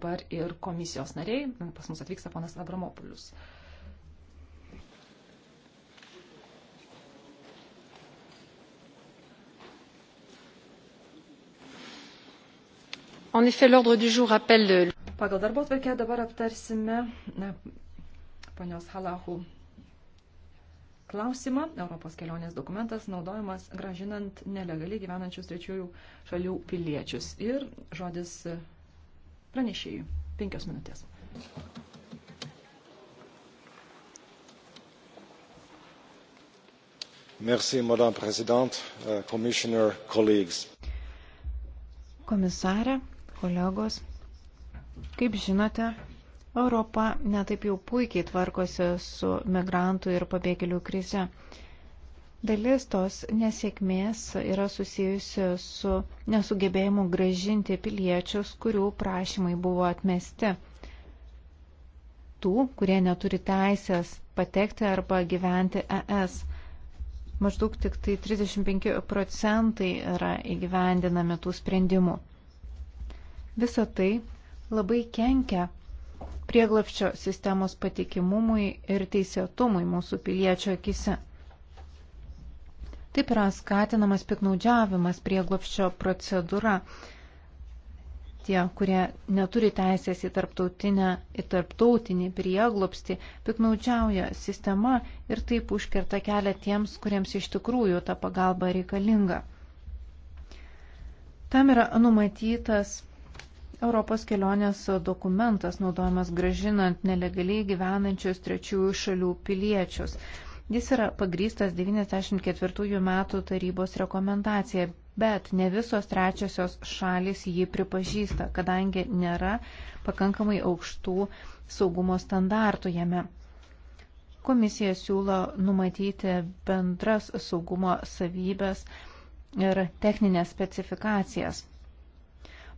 dabar ir komisijos nariai. Pas mus atvyksta ponas Abramopulius. En effet, l'ordre du jour appelle. Pagal darbo atvarkę dabar aptarsime ne, ponios Halahų klausimą. Europos kelionės dokumentas naudojamas gražinant nelegaliai gyvenančius trečiųjų šalių piliečius. Ir žodis Pranešėjų. Penkios minutės. Merci, Madame President, euh, Commissioner, colleagues. Komisarė, kolegos, kaip žinote, Europa netaip jau puikiai tvarkosi su migrantų ir pabėgėlių krize. Dalis tos nesėkmės yra susijusi su nesugebėjimu gražinti piliečius, kurių prašymai buvo atmesti. Tų, kurie neturi teisės patekti arba gyventi ES. Maždaug tik tai 35 procentai yra įgyvendinami tų sprendimų. Visą tai labai kenkia prieglapščio sistemos patikimumui ir teisėtumui mūsų piliečio akise. Taip yra skatinamas piknaudžiavimas prieglopščio procedūra. Tie, kurie neturi teisės į, į tarptautinį prieglopstį, piknaudžiauja sistema ir taip užkerta kelią tiems, kuriems iš tikrųjų ta pagalba reikalinga. Tam yra numatytas Europos kelionės dokumentas naudojamas gražinant nelegaliai gyvenančius trečiųjų šalių piliečius. Jis yra pagrystas 94 metų tarybos rekomendacija, bet ne visos trečiosios šalis jį pripažįsta, kadangi nėra pakankamai aukštų saugumo standartų jame. Komisija siūlo numatyti bendras saugumo savybės ir techninės specifikacijas.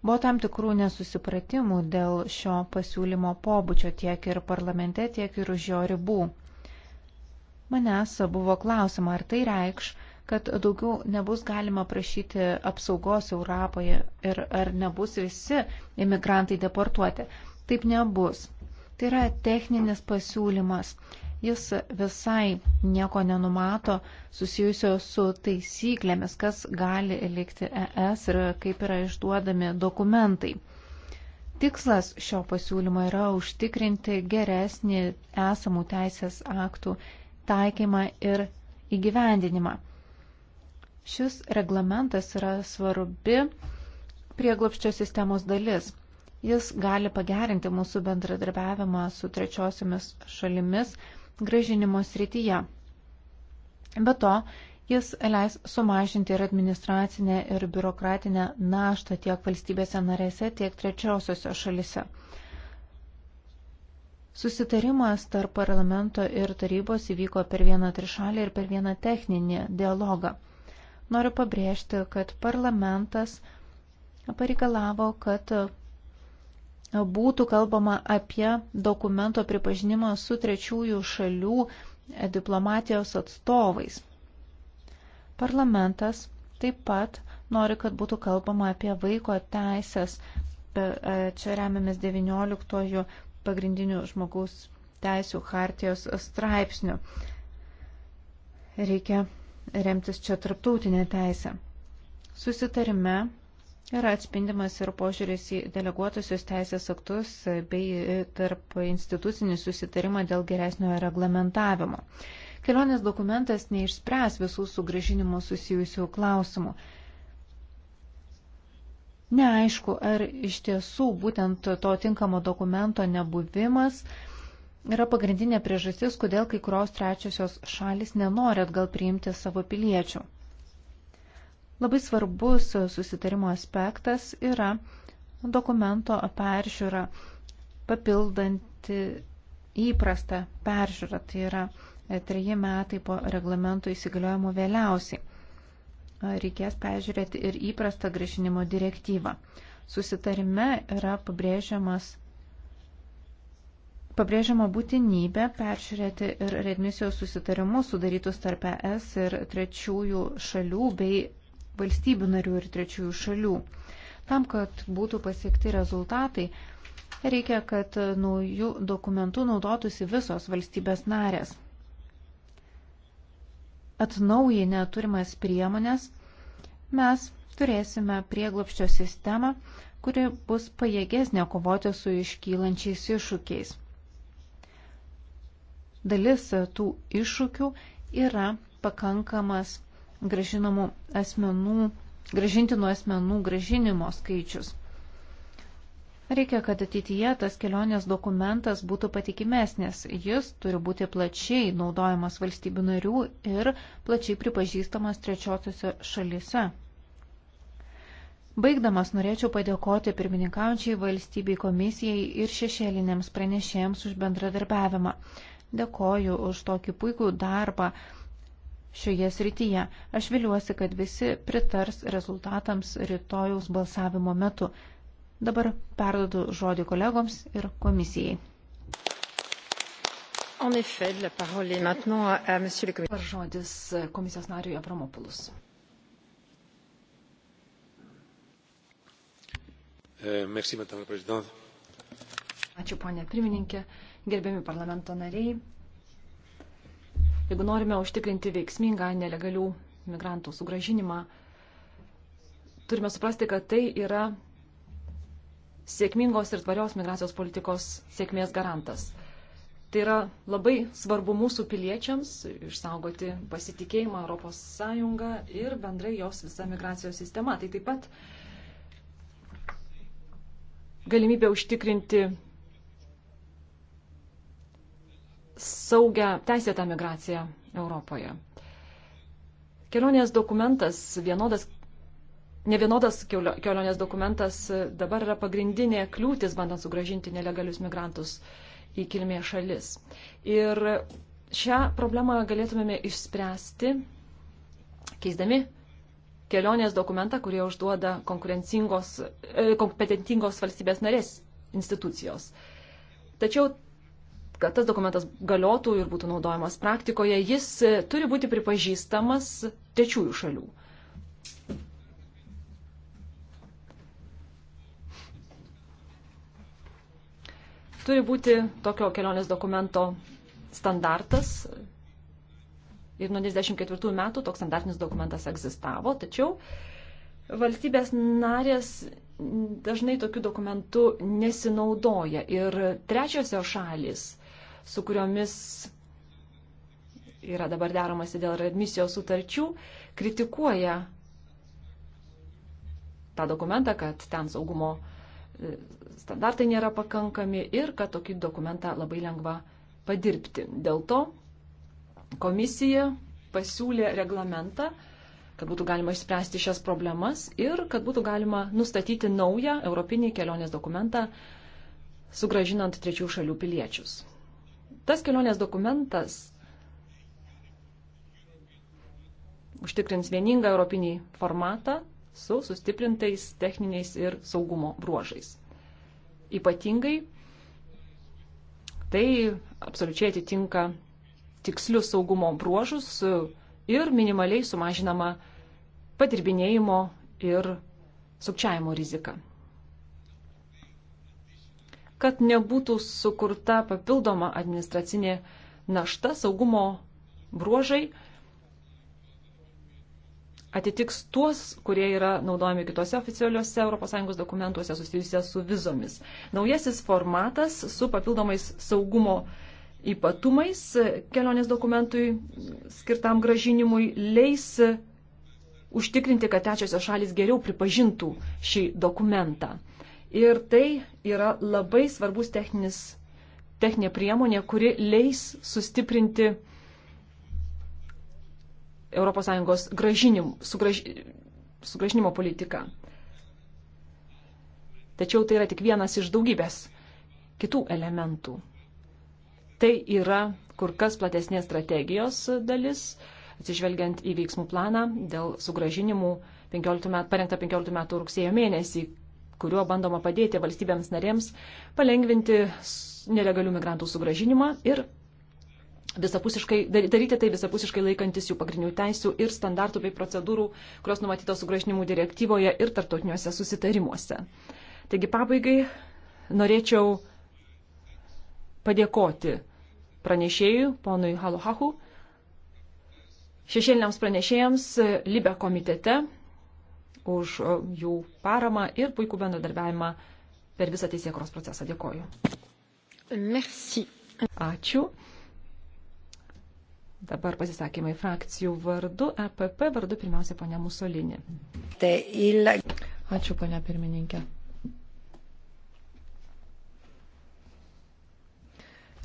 Buvo tam tikrų nesusipratimų dėl šio pasiūlymo pobūdžio tiek ir parlamente, tiek ir už jo ribų. Manęs buvo klausima, ar tai reikš, kad daugiau nebus galima prašyti apsaugos Europoje ir ar nebus visi imigrantai deportuoti. Taip nebus. Tai yra techninis pasiūlymas. Jis visai nieko nenumato susijusio su taisyklėmis, kas gali likti ES ir kaip yra išduodami dokumentai. Tikslas šio pasiūlymo yra užtikrinti geresnį esamų teisės aktų taikymą ir įgyvendinimą. Šis reglamentas yra svarbi prieglopščio sistemos dalis. Jis gali pagerinti mūsų bendradarbiavimą su trečiosiomis šalimis gražinimo srityje. Be to, jis leis sumažinti ir administracinę, ir biurokratinę naštą tiek valstybėse narėse, tiek trečiosiose šalise. Susitarimas tarp parlamento ir tarybos įvyko per vieną trišalį ir per vieną techninį dialogą. Noriu pabrėžti, kad parlamentas pareikalavo, kad būtų kalbama apie dokumento pripažinimą su trečiųjų šalių diplomatijos atstovais. Parlamentas taip pat nori, kad būtų kalbama apie vaiko teisės. E, e, čia remiamės 19 pagrindinių žmogaus teisų hartijos straipsnių. Reikia remtis čia tarptautinė teisė. Susitarime yra atspindimas ir požiūris į deleguotusius teisės aktus bei tarp institucinį susitarimą dėl geresnio reglamentavimo. Kelionės dokumentas neišspręs visų sugražinimo susijusių klausimų. Neaišku, ar iš tiesų būtent to tinkamo dokumento nebuvimas yra pagrindinė priežastis, kodėl kai kurios trečiosios šalis nenori atgal priimti savo piliečių. Labai svarbus susitarimo aspektas yra dokumento peržiūra, papildanti įprastą peržiūrą, tai yra treji metai po reglamento įsigaliojimo vėliausiai reikės peržiūrėti ir įprastą gražinimo direktyvą. Susitarime yra pabrėžiamas Pabrėžiama būtinybė peržiūrėti ir redmisijos susitarimus sudarytus tarp ES ir trečiųjų šalių bei valstybių narių ir trečiųjų šalių. Tam, kad būtų pasiekti rezultatai, reikia, kad naujų dokumentų naudotųsi visos valstybės narės atnaujinę turimas priemonės, mes turėsime prieglopščio sistemą, kuri bus pajėgesnė kovoti su iškylančiais iššūkiais. Dalis tų iššūkių yra pakankamas gražinamų asmenų, gražintinų asmenų gražinimo skaičius. Reikia, kad ateityje tas kelionės dokumentas būtų patikimesnis. Jis turi būti plačiai naudojamas valstybių narių ir plačiai pripažįstamas trečiosiuose šalise. Baigdamas norėčiau padėkoti pirmininkaujančiai valstybei komisijai ir šešėlinėms pranešėjams už bendradarbiavimą. Dėkoju už tokį puikų darbą šioje srityje. Aš viliuosi, kad visi pritars rezultatams rytojaus balsavimo metu. Dabar perdodu žodį kolegoms ir komisijai. En effet, la parole est maintenant à monsieur le commissaire. Žodis komisijos nariui Avramopoulos. Euh, merci, madame la présidente. Ačiū, ponė pirmininkė, gerbiami parlamento nariai. Jeigu norime užtikrinti veiksmingą nelegalių migrantų sugražinimą, turime suprasti, kad tai yra sėkmingos ir tvarios migracijos politikos sėkmės garantas. Tai yra labai svarbu mūsų piliečiams išsaugoti pasitikėjimą ES ir bendrai jos visa migracijos sistema. Tai taip pat galimybė užtikrinti saugią teisėtą migraciją Europoje. Kelionės dokumentas vienodas nevienodas kelionės dokumentas e, dabar yra pagrindinė kliūtis, bandant sugražinti nelegalius migrantus į kilmės šalis. Ir šią problemą galėtumėme išspręsti keisdami kelionės dokumentą, kurį užduoda e, kompetentingos valstybės narės institucijos. Tačiau, kad tas dokumentas galiotų ir būtų naudojamas praktikoje, jis e, turi būti pripažįstamas trečiųjų šalių Turi būti tokio kelionės dokumento standartas. Ir nuo 1994 metų toks standartinis dokumentas egzistavo, tačiau valstybės narės dažnai tokiu dokumentu nesinaudoja. Ir trečiosios šalis, su kuriomis yra dabar deramasi dėl admisijos sutarčių, kritikuoja tą dokumentą, kad ten saugumo standartai nėra pakankami ir kad tokį dokumentą labai lengva padirbti. Dėl to komisija pasiūlė reglamentą, kad būtų galima išspręsti šias problemas ir kad būtų galima nustatyti naują europinį kelionės dokumentą, sugražinant trečių šalių piliečius. Tas kelionės dokumentas užtikrins vieningą europinį formatą, su sustiprintais techniniais ir saugumo bruožais. Ypatingai tai absoliučiai atitinka tikslius saugumo bruožus ir minimaliai sumažinama padirbinėjimo ir sukčiavimo rizika kad nebūtų sukurta papildoma administracinė našta saugumo bruožai atitiks tuos, kurie yra naudojami kitose oficialiuose ES dokumentuose susijusia su vizomis. Naujasis formatas su papildomais saugumo ypatumais kelionės dokumentui skirtam gražinimui leis užtikrinti, kad trečiosios šalis geriau pripažintų šį dokumentą. Ir tai yra labai svarbus techninis, techninė priemonė, kuri leis sustiprinti ES gražinim, sugraž, sugražinimo politiką. Tačiau tai yra tik vienas iš daugybės kitų elementų. Tai yra kur kas platesnės strategijos dalis, atsižvelgiant į veiksmų planą dėl sugražinimų 15 met, parengta 15 metų rugsėjo mėnesį, kuriuo bandoma padėti valstybėms narėms palengvinti nelegalių migrantų sugražinimą ir visapusiškai, daryti tai visapusiškai laikantis jų pagrindinių teisių ir standartų bei procedūrų, kurios numatytos sugražinimų direktyvoje ir tartotiniuose susitarimuose. Taigi pabaigai norėčiau padėkoti pranešėjui, ponui Haluhahu, šešėliniams pranešėjams Libe komitete už jų paramą ir puikų bendradarbiavimą per visą teisėkros procesą. Dėkoju. Merci. Ačiū. Dabar pasisakymai frakcijų vardu, EPP vardu pirmiausia ponia Musolinė. Ačiū ponia pirmininkė.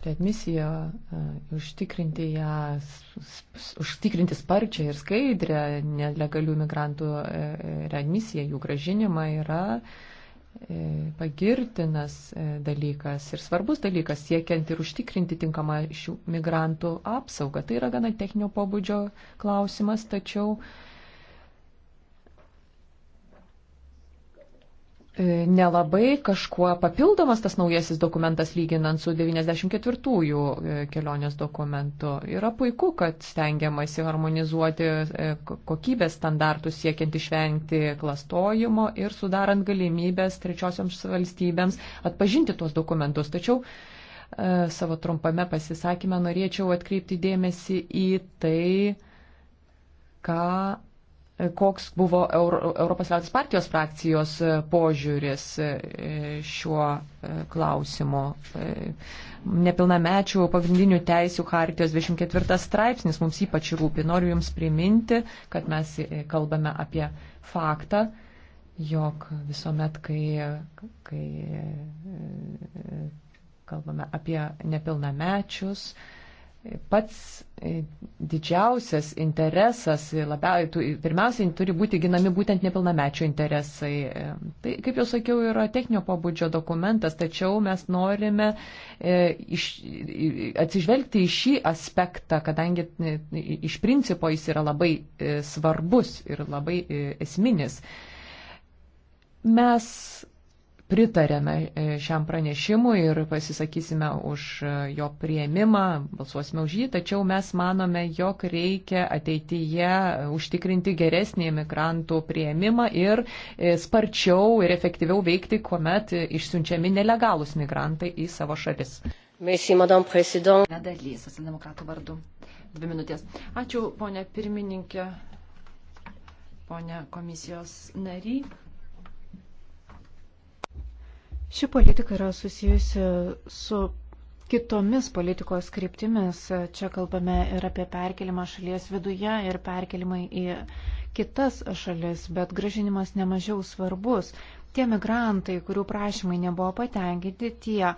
Readmisija, e, užtikrinti ją, užtikrinti sparčią ir skaidrę nelegalių migrantų e, e, readmisiją, jų gražinimą yra uh, E, pagirtinas e, dalykas ir svarbus dalykas siekiant ir užtikrinti tinkamą šių migrantų apsaugą. Tai yra gana techninio pobūdžio klausimas, tačiau E, nelabai kažkuo papildomas tas naujasis dokumentas lyginant su 94-ųjų e, kelionės dokumentu. Yra puiku, kad stengiamasi harmonizuoti e, kokybės standartus siekiant išvengti klastojimo ir sudarant galimybės trečiosioms valstybėms atpažinti tuos dokumentus. Tačiau savo trumpame pasisakymę norėčiau atkreipti dėmesį į tai, ką koks buvo Europos liaudės partijos frakcijos e, požiūris e, šiuo e, klausimu. Nepilnamečių pagrindinių teisių hartijos 24 straipsnis mums ypač rūpi. Noriu Jums priminti, kad mes kalbame apie faktą, jog visuomet, kai, kai kalbame apie nepilnamečius, pats e, didžiausias interesas, e, labiausiai, pirmiausiai turi būti ginami būtent nepilnamečio interesai. E, tai, kaip jau sakiau, yra techninio pobūdžio dokumentas, tačiau mes norime iš, atsižvelgti į šį aspektą, kadangi iš principo jis yra labai svarbus ir labai esminis. Mes pritarėme e, šiam pranešimui ir pasisakysime už e, jo prieimimą, balsuosime už jį, tačiau mes manome, jog reikia ateityje užtikrinti geresnį imigrantų prieimimą ir e, sparčiau ir efektyviau veikti, kuomet išsiunčiami nelegalūs migrantai į savo šalis. Merci, Madame President. Nedalys, socialdemokratų vardu. Dvi minutės. Ačiū, ponė pirmininkė, ponė komisijos nary. Ši politika yra susijusi su kitomis politikos kryptimis. Čia kalbame ir apie perkelimą šalies viduje ir perkelimą į kitas šalis, bet gražinimas nemažiau svarbus. Tie migrantai, kurių prašymai nebuvo patenkinti, tie,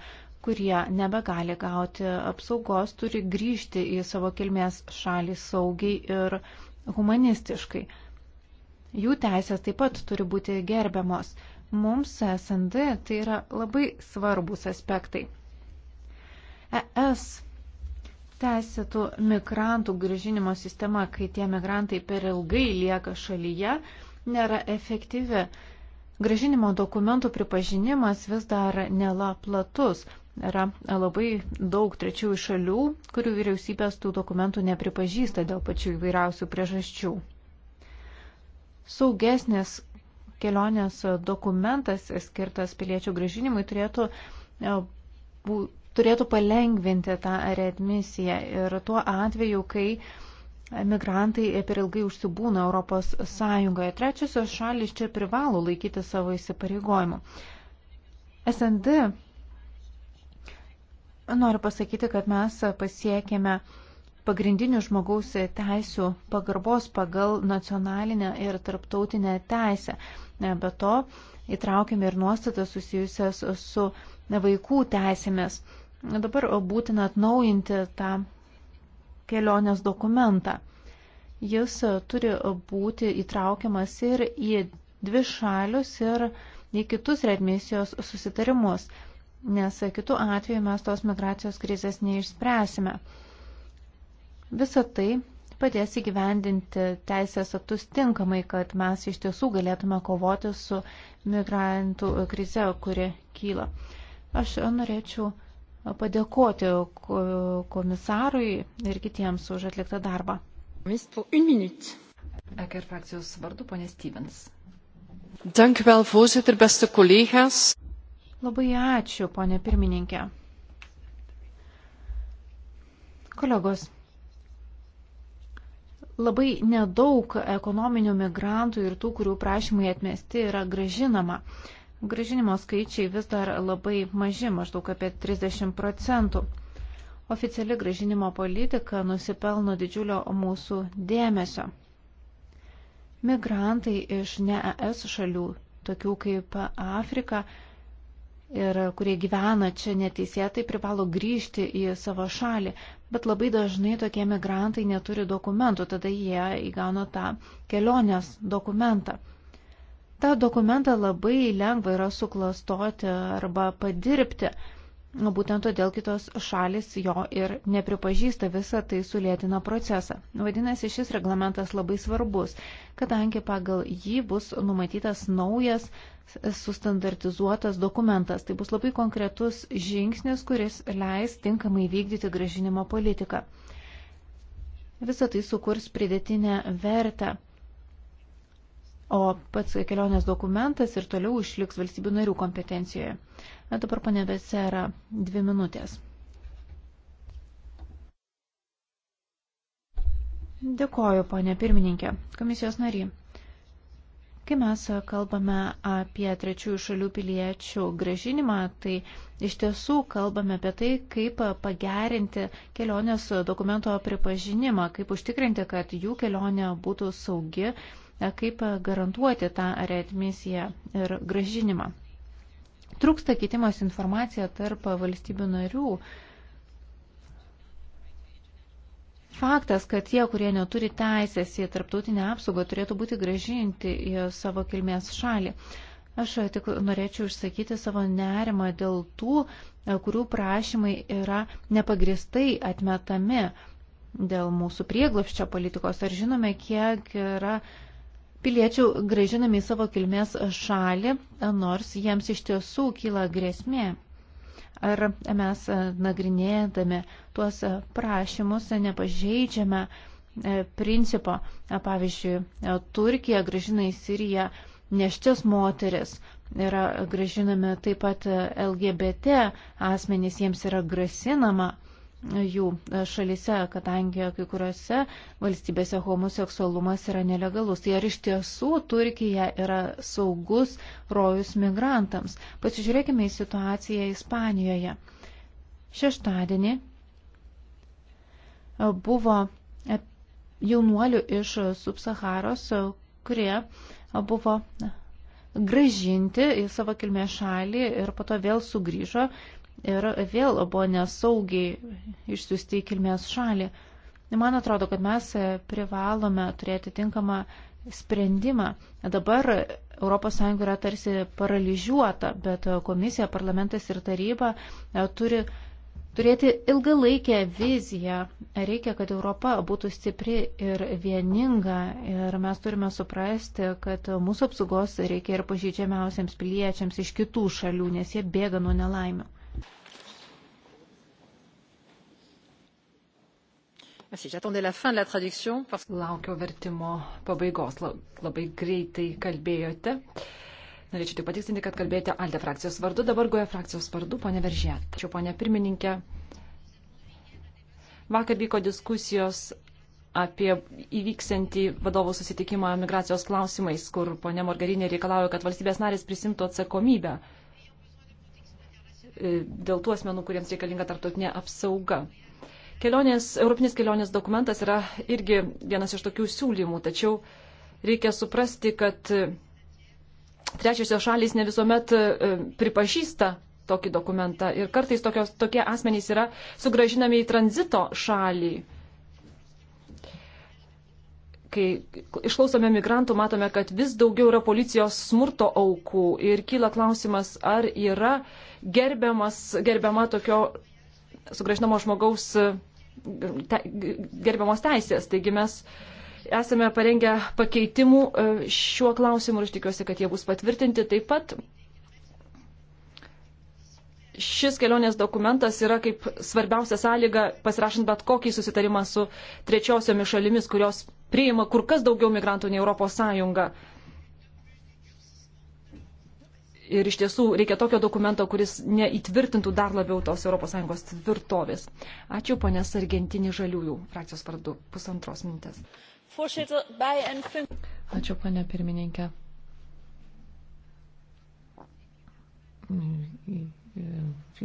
kurie nebegali gauti apsaugos, turi grįžti į savo kilmės šalį saugiai ir humanistiškai. Jų teisės taip pat turi būti gerbiamos. Mums SND tai yra labai svarbus aspektai. ES teisėtų migrantų grįžinimo sistema, kai tie migrantai per ilgai lieka šalyje, nėra efektyvi. Gražinimo dokumentų pripažinimas vis dar nela platus. Yra labai daug trečiųjų šalių, kurių vyriausybės tų dokumentų nepripažįsta dėl pačių įvairiausių priežasčių. Saugesnės kelionės dokumentas skirtas piliečių gražinimui turėtų, e, bū, turėtų palengvinti tą readmisiją. Ir tuo atveju, kai migrantai per ilgai užsibūna Europos Sąjungoje, trečiosios šalis čia privalo laikyti savo įsipareigojimų. SND noriu pasakyti, kad mes pasiekėme uh, pagrindinių žmogaus teisų pagarbos pagal nacionalinę ir tarptautinę teisę. Be to, įtraukiame ir nuostatas susijusias su vaikų teisėmis. Dabar būtina atnaujinti tą kelionės dokumentą. Jis turi būti įtraukiamas ir į dvi šalius ir į kitus readmisijos susitarimus, nes kitų atveju mes tos migracijos krizės neišspręsime. Visą tai padės įgyvendinti teisės aktus tinkamai, kad mes iš tiesų galėtume kovoti su migrantų krize, kuri kyla. Aš norėčiau padėkoti komisarui ir kitiems už atliktą darbą. Eker frakcijos vardu, ponė Stevens. Dank vėl, voorzitter, beste kolegas. Labai ačiū, ponė pirmininkė. Kolegos, Labai nedaug ekonominių migrantų ir tų, kurių prašymai atmesti, yra gražinama. Gražinimo skaičiai vis dar labai maži, maždaug apie 30 procentų. Oficiali gražinimo politika nusipelno didžiulio mūsų dėmesio. Migrantai iš ne ES šalių, tokių kaip Afrika, ir kurie gyvena čia neteisėtai, privalo grįžti į savo šalį. Bet labai dažnai tokie migrantai neturi dokumentų, tada jie įgauna tą kelionės dokumentą. Ta dokumentą labai lengva yra suklastoti arba padirbti. Būtent todėl kitos šalis jo ir nepripažįsta visą tai sulėtina procesą. Vadinasi, šis reglamentas labai svarbus, kadangi pagal jį bus numatytas naujas sustandartizuotas dokumentas. Tai bus labai konkretus žingsnis, kuris leis tinkamai vykdyti gražinimo politiką. Visą tai sukurs pridėtinę vertę. O pats kelionės dokumentas ir toliau išliks valstybių narių kompetencijoje. Na, dabar pane Besera, dvi minutės. Dėkoju, ponė pirmininkė, komisijos nariai. Kai mes kalbame apie trečiųjų šalių piliečių gražinimą, tai iš tiesų kalbame apie tai, kaip pagerinti kelionės dokumento pripažinimą, kaip užtikrinti, kad jų kelionė būtų saugi, kaip garantuoti tą readmisiją ir gražinimą. Trūksta kitimas informacija tarp valstybių narių Faktas, kad tie, kurie neturi teisės į tarptautinę apsaugą, turėtų būti gražinti į savo kilmės šalį. Aš tik norėčiau išsakyti savo nerimą dėl tų, kurių prašymai yra nepagristai atmetami dėl mūsų prieglapščio politikos. Ar žinome, kiek yra piliečių gražinami į savo kilmės šalį, nors jiems iš tiesų kyla grėsmė? Ar mes e, nagrinėdami tuos e, prašymus e, nepažeidžiame principo, pavyzdžiui, Turkija gražina į Siriją neščias moteris, yra gražinami taip pat LGBT asmenys, jiems yra grasinama jų šalise, kadangi kai kuriuose valstybėse homoseksualumas yra nelegalus. Tai ar iš tiesų Turkija yra saugus rojus migrantams? Pasižiūrėkime į situaciją Ispanijoje. Šeštadienį buvo jaunuolių iš subsaharos, kurie buvo gražinti į savo kilmės šalį ir po to vėl sugrįžo ir vėl buvo nesaugiai išsiųsti į kilmės šalį. Man atrodo, kad mes privalome turėti tinkamą sprendimą. Dabar ES yra tarsi paralyžiuota, bet komisija, parlamentas ir taryba e, turi turėti ilgalaikę viziją. Reikia, kad Europa būtų stipri ir vieninga ir mes turime suprasti, kad mūsų apsaugos reikia ir pažydžiamiausiams piliečiams iš kitų šalių, nes jie bėga nuo nelaimių. Ah, Laukiau vertimo pabaigos, labai greitai kalbėjote. Norėčiau tik patikslinti, kad kalbėjote Alde frakcijos vardu, dabar goja frakcijos vardu, ponė Veržė. Ačiū, ponė pirmininkė. Vakar vyko diskusijos apie įvyksantį vadovų susitikimą migracijos klausimais, kur ponė Morgarinė reikalauja, kad valstybės narės prisimtų atsakomybę e, dėl tų asmenų, kuriems reikalinga tarptautinė apsauga. Kelionės, Europinis kelionės dokumentas yra irgi vienas iš tokių siūlymų, tačiau reikia suprasti, kad trečiosios šalys ne visuomet e, pripažįsta tokį dokumentą ir kartais tokios, tokie asmenys yra sugražinami į tranzito šalį. Kai išklausome migrantų, matome, kad vis daugiau yra policijos smurto aukų ir kyla klausimas, ar yra gerbiamas, gerbiama tokio sugražinamos žmogaus e, te, gerbiamos teisės. Taigi mes esame parengę pakeitimų e, šiuo klausimu ir aš tikiuosi, kad jie bus patvirtinti. Taip pat šis kelionės dokumentas yra kaip svarbiausia sąlyga pasirašant bet kokį susitarimą su trečiosiomis šalimis, kurios priima kur kas daugiau migrantų nei Europos Sąjunga. Ir iš tiesų reikia tokio dokumento, kuris neįtvirtintų dar labiau tos ES tvirtovės. Ačiū, ponė Sargentinė Žaliųjų, frakcijos vardu, pusantros minutės. Ačiū, ponė pirmininkė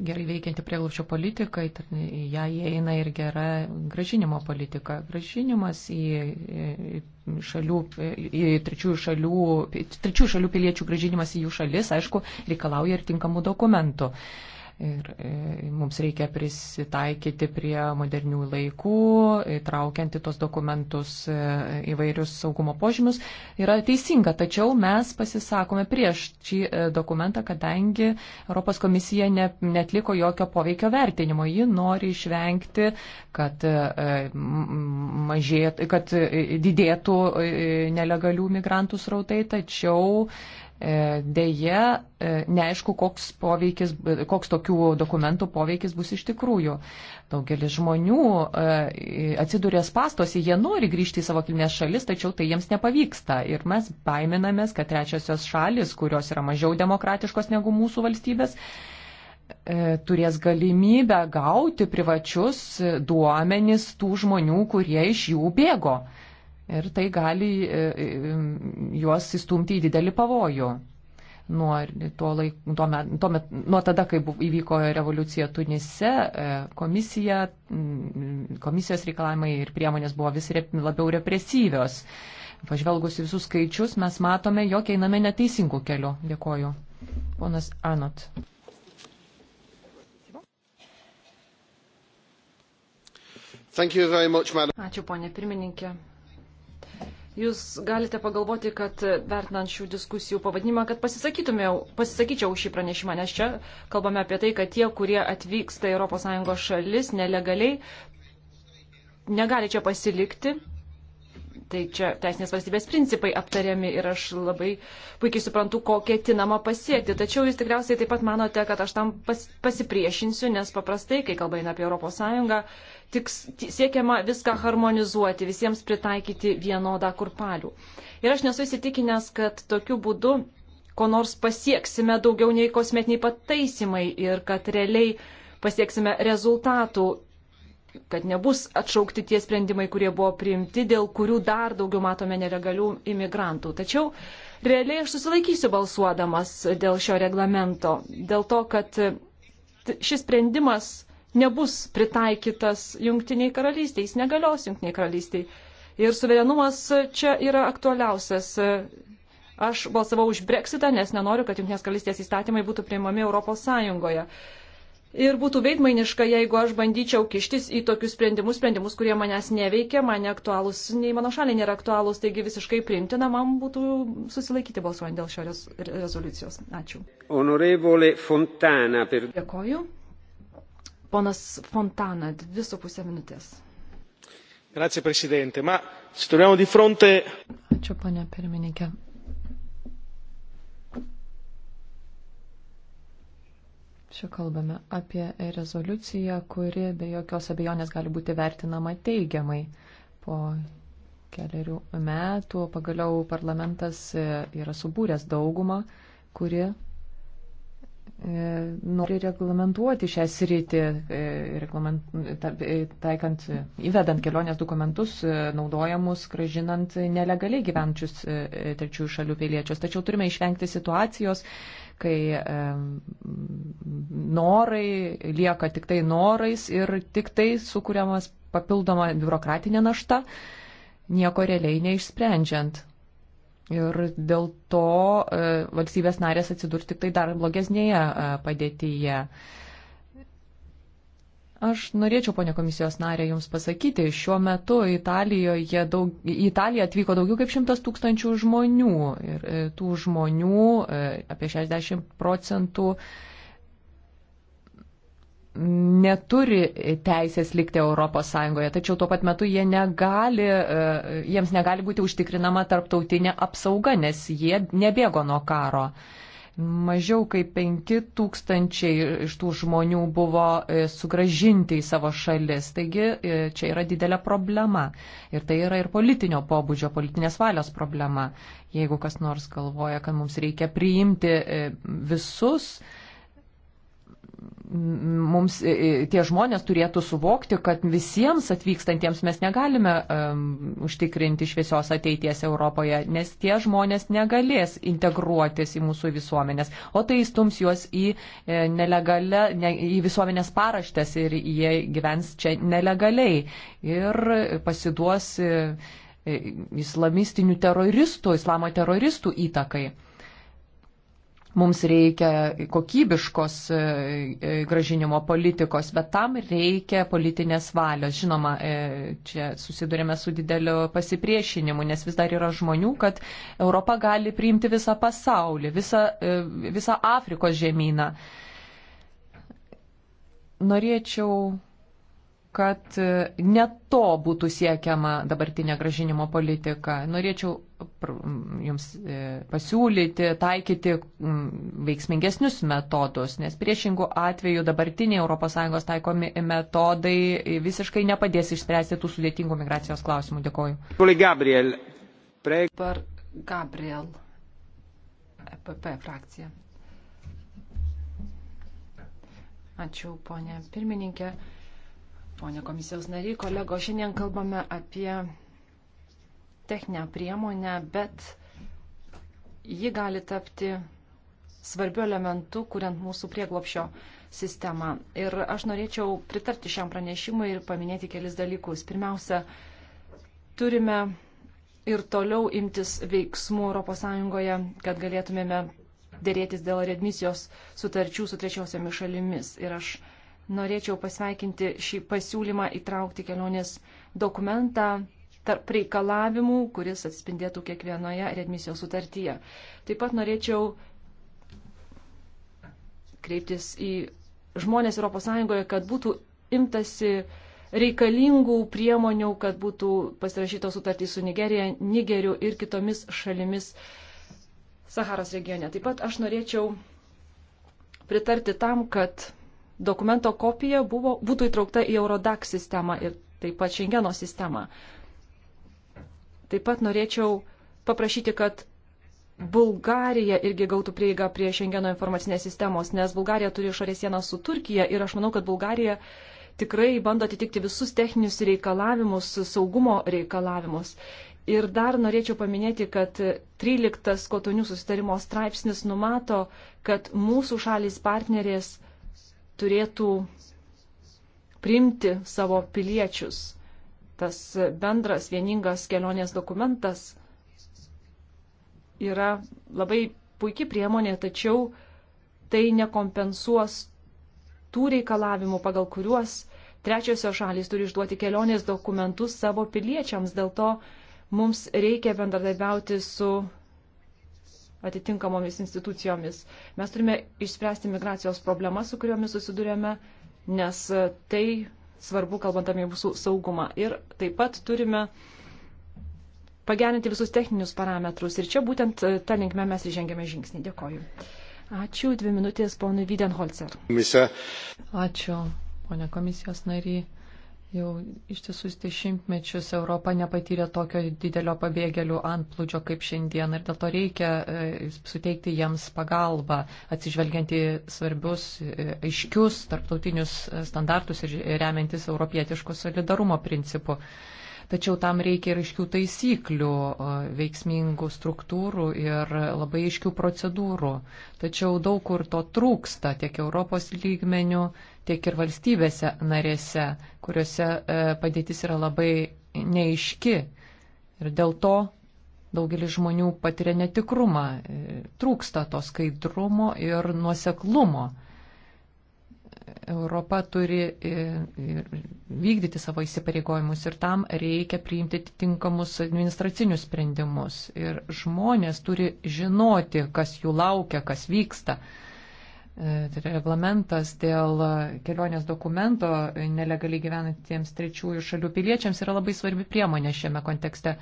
gerai veikianti prieglaušio politika, į ją įeina ir gera gražinimo politika. Gražinimas į, šalių, į trečiųjų, šalių, trečiųjų šalių piliečių gražinimas į jų šalis, aišku, reikalauja ir tinkamų dokumentų. Ir e, mums reikia prisitaikyti prie modernių laikų, įtraukiant į tos dokumentus e, įvairius saugumo požymius. Yra teisinga, tačiau mes pasisakome prieš šį e, dokumentą, kadangi Europos komisija ne, netliko jokio poveikio vertinimo. Ji nori išvengti, kad, mažėt, kad didėtų nelegalių migrantų srautai, tačiau E, deja, e, neaišku, koks, poveikis, koks tokių dokumentų poveikis bus iš tikrųjų. Daugelis žmonių e, atsidūrė pastosi, jie nori grįžti į savo kilmės šalis, tačiau tai jiems nepavyksta. Ir mes baiminamės, kad trečiosios šalis, kurios yra mažiau demokratiškos negu mūsų valstybės, turės galimybę gauti privačius duomenis tų žmonių, kurie iš jų bėgo ir tai gali e, e, juos įstumti į didelį pavojų. Nuo, tuo laik, tuo met, tuo met, nuo tada, kai buvo, įvyko revoliucija Tunise, e, komisija, komisijos reikalavimai ir priemonės buvo vis rep, labiau represyvios. Pažvelgus į visus skaičius, mes matome, jog einame neteisingų kelių. Dėkoju. Ponas Anot. Much, Ačiū, ponė pirmininkė. Jūs galite pagalvoti, kad vertinant šių diskusijų pavadinimą, kad pasisakyčiau už šį pranešimą, nes čia kalbame apie tai, kad tie, kurie atvyksta į ES šalis nelegaliai, negali čia pasilikti Tai čia teisinės valstybės principai aptariami ir aš labai puikiai suprantu, ko ketinama pasiekti. Tačiau jūs tikriausiai taip pat manote, kad aš tam pas, pasipriešinsiu, nes paprastai, kai kalba eina apie ES, tik siekiama viską harmonizuoti, visiems pritaikyti vienodą kurpalių. Ir aš nesu įsitikinęs, kad tokiu būdu ko nors pasieksime daugiau nei kosmetiniai pataisimai ir kad realiai pasieksime rezultatų kad nebus atšaukti tie sprendimai, kurie buvo priimti, dėl kurių dar daugiau matome nelegalių imigrantų. Tačiau realiai aš susilaikysiu balsuodamas dėl šio reglamento, dėl to, kad šis sprendimas nebus pritaikytas jungtiniai karalystiai, jis negalios jungtiniai karalystiai. Ir suverenumas čia yra aktualiausias. Aš balsavau už Brexitą, nes nenoriu, kad jungtinės karalystės įstatymai būtų priimami Europos Sąjungoje. Uh, Ir būtų veidmainiška, jeigu aš bandyčiau kištis į tokius sprendimus, sprendimus, kurie manęs neveikia, man neaktualūs, nei mano šaliai nėra aktualūs, taigi visiškai priimtina man būtų susilaikyti balsuojant dėl šios rezoliucijos. Ačiū. Honorevole Fontana. Per... Dėkoju. Ponas Fontana, dvi su pusė minutės. Grazie, Presidente. Ma, ci troviamo di fronte. Ačiū, ponia pirmininkė. Čia kalbame apie rezoliuciją, kuri be jokios abejonės gali būti vertinama teigiamai. Po keliarių metų pagaliau parlamentas e, yra subūręs daugumą, kuri e, nori reglamentuoti šią sritį, e, taikant, įvedant kelionės dokumentus, naudojamus, gražinant nelegaliai gyvenčius trečiųjų šalių piliečius. Tačiau turime išvengti situacijos, kai norai lieka tik tai norais ir tik tai sukūriamas papildoma biurokratinė našta, nieko realiai neišsprendžiant. Ir dėl to e, valstybės narės atsidurs tik tai dar blogesnėje e, padėtyje. Aš norėčiau, ponė komisijos narė, Jums pasakyti, šiuo metu Italijoje daug, į Italiją atvyko daugiau kaip šimtas tūkstančių žmonių ir e, tų žmonių e, apie 60 procentų neturi teisės likti Europos Sąjungoje, tačiau tuo pat metu jie negali, e, jiems negali būti užtikrinama tarptautinė apsauga, nes jie nebėgo nuo karo. Mažiau kaip 5 tūkstančiai iš tų žmonių buvo e, sugražinti į savo šalis. Taigi e, čia yra didelė problema. Ir tai yra ir politinio pobūdžio, politinės valios problema. Jeigu kas nors galvoja, kad mums reikia priimti e, visus, mums e, e, tie žmonės turėtų suvokti, kad visiems atvykstantiems mes negalime um, užtikrinti šviesios ateities Europoje, nes tie žmonės negalės integruotis į mūsų visuomenės, o tai įstums juos į, e, nelegalę, ne, į visuomenės paraštės ir jie gyvens čia nelegaliai ir pasiduos islamistinių teroristų, islamo teroristų įtakai. Mums reikia kokybiškos e, e, gražinimo politikos, bet tam reikia politinės valios. Žinoma, e, čia susidurime su dideliu pasipriešinimu, nes vis dar yra žmonių, kad Europa gali priimti visą pasaulį, visą, visą Afrikos žemyną. Norėčiau kad e, ne to būtų siekiama dabartinė gražinimo politika. Norėčiau jums e, pasiūlyti taikyti veiksmingesnius metodus, nes priešingų atveju dabartiniai ES taikomi metodai visiškai nepadės išspręsti tų sudėtingų migracijos klausimų. Dėkoju. Gabriel. Pre... Per Gabriel. EPP frakcija. Ačiū, ponė pirmininkė ponė komisijos nariai, kolego, šiandien kalbame apie techninę priemonę, bet ji gali tapti svarbiu elementu, kuriant mūsų prieglopšio sistemą. Ir aš norėčiau pritarti šiam pranešimui ir paminėti kelis dalykus. Pirmiausia, turime ir toliau imtis veiksmų ES, kad galėtumėme dėrėtis dėl redmisijos sutarčių su trečiosiamis šalimis. Ir aš norėčiau pasveikinti šį pasiūlymą įtraukti kelionės dokumentą tarp reikalavimų, kuris atspindėtų kiekvienoje redmisijos sutartyje. Taip pat norėčiau kreiptis į žmonės ES, kad būtų imtasi reikalingų priemonių, kad būtų pasirašytos sutartys su Nigerija, Nigeriu ir kitomis šalimis Saharos regione. Taip pat aš norėčiau pritarti tam, kad dokumento kopija buvo, būtų įtraukta į Eurodac sistemą ir taip pat Schengeno sistemą. Taip pat norėčiau paprašyti, kad Bulgarija irgi gautų prieigą prie Schengeno informacinės sistemos, nes Bulgarija turi išorės sieną su Turkija ir aš manau, kad Bulgarija tikrai bando atitikti visus techninius reikalavimus, saugumo reikalavimus. Ir dar norėčiau paminėti, kad 13 kotonių susitarimo straipsnis numato, kad mūsų šalis partnerės uh, turėtų priimti savo piliečius. Tas bendras vieningas kelionės dokumentas yra labai puikia priemonė, tačiau tai nekompensuos tų reikalavimų, pagal kuriuos trečiosios šalys turi išduoti kelionės dokumentus savo piliečiams. Dėl to mums reikia bendradarbiauti su atitinkamomis institucijomis. Mes turime išspręsti migracijos problemas, su kuriomis susidurėme, nes tai svarbu, kalbant apie mūsų saugumą. Ir taip pat turime pagerinti visus techninius parametrus. Ir čia būtent tą linkmę mes įžengėme žingsnį. Dėkoju. Ačiū. Dvi minutės ponui Videnholzer. Ačiū, ponia komisijos nariai. Jau ištisus dešimtmečius Europa nepatyrė tokio didelio pabėgėlių antplūdžio kaip šiandien ir dėl to reikia e, suteikti jiems pagalbą, atsižvelgiant į svarbius, e, aiškius tarptautinius standartus ir remiantis europietiško solidarumo principu tačiau tam reikia ir aiškių taisyklių, e, veiksmingų struktūrų ir labai aiškių procedūrų. Tačiau daug kur to trūksta tiek Europos lygmenių, tiek ir valstybėse narėse, kuriuose e, padėtis yra labai neiški. Ir dėl to daugelis žmonių patiria netikrumą, e, trūksta to skaidrumo ir nuoseklumo Europa turi e, vykdyti savo įsipareigojimus ir tam reikia priimti tinkamus administracinius sprendimus. Ir žmonės turi žinoti, kas jų laukia, kas vyksta. E, tai reglamentas dėl kelionės dokumento nelegaliai gyvenantiems trečiųjų šalių piliečiams yra labai svarbi priemonė šiame kontekste.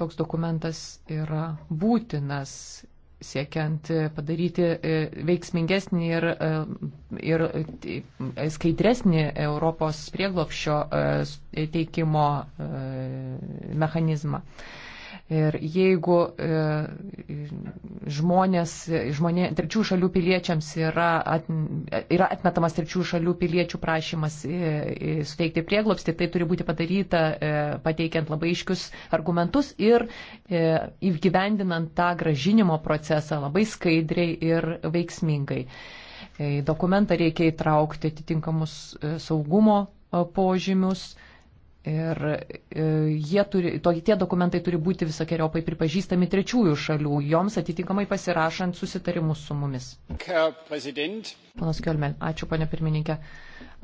Toks dokumentas yra būtinas siekiant e, padaryti e, veiksmingesnį ir, e, ir skaidresnį Europos prieglopščio teikimo mechanizmą. Ir jeigu e, žmonės, žmonė, trečių šalių piliečiams yra, at, yra atmetamas trečių šalių piliečių prašymas e, e, suteikti prieglopstį, tai turi būti padaryta pateikiant labai iškius argumentus ir įgyvendinant tą gražinimo procesą labai skaidriai ir veiksmingai. Į dokumentą reikia įtraukti atitinkamus saugumo požymius Ir e, jie turi, to, tie dokumentai turi būti visokiojopai pripažįstami trečiųjų šalių, joms atitinkamai pasirašant susitarimus su mumis. Panas Kielmel, ačiū, ponė pirmininkė.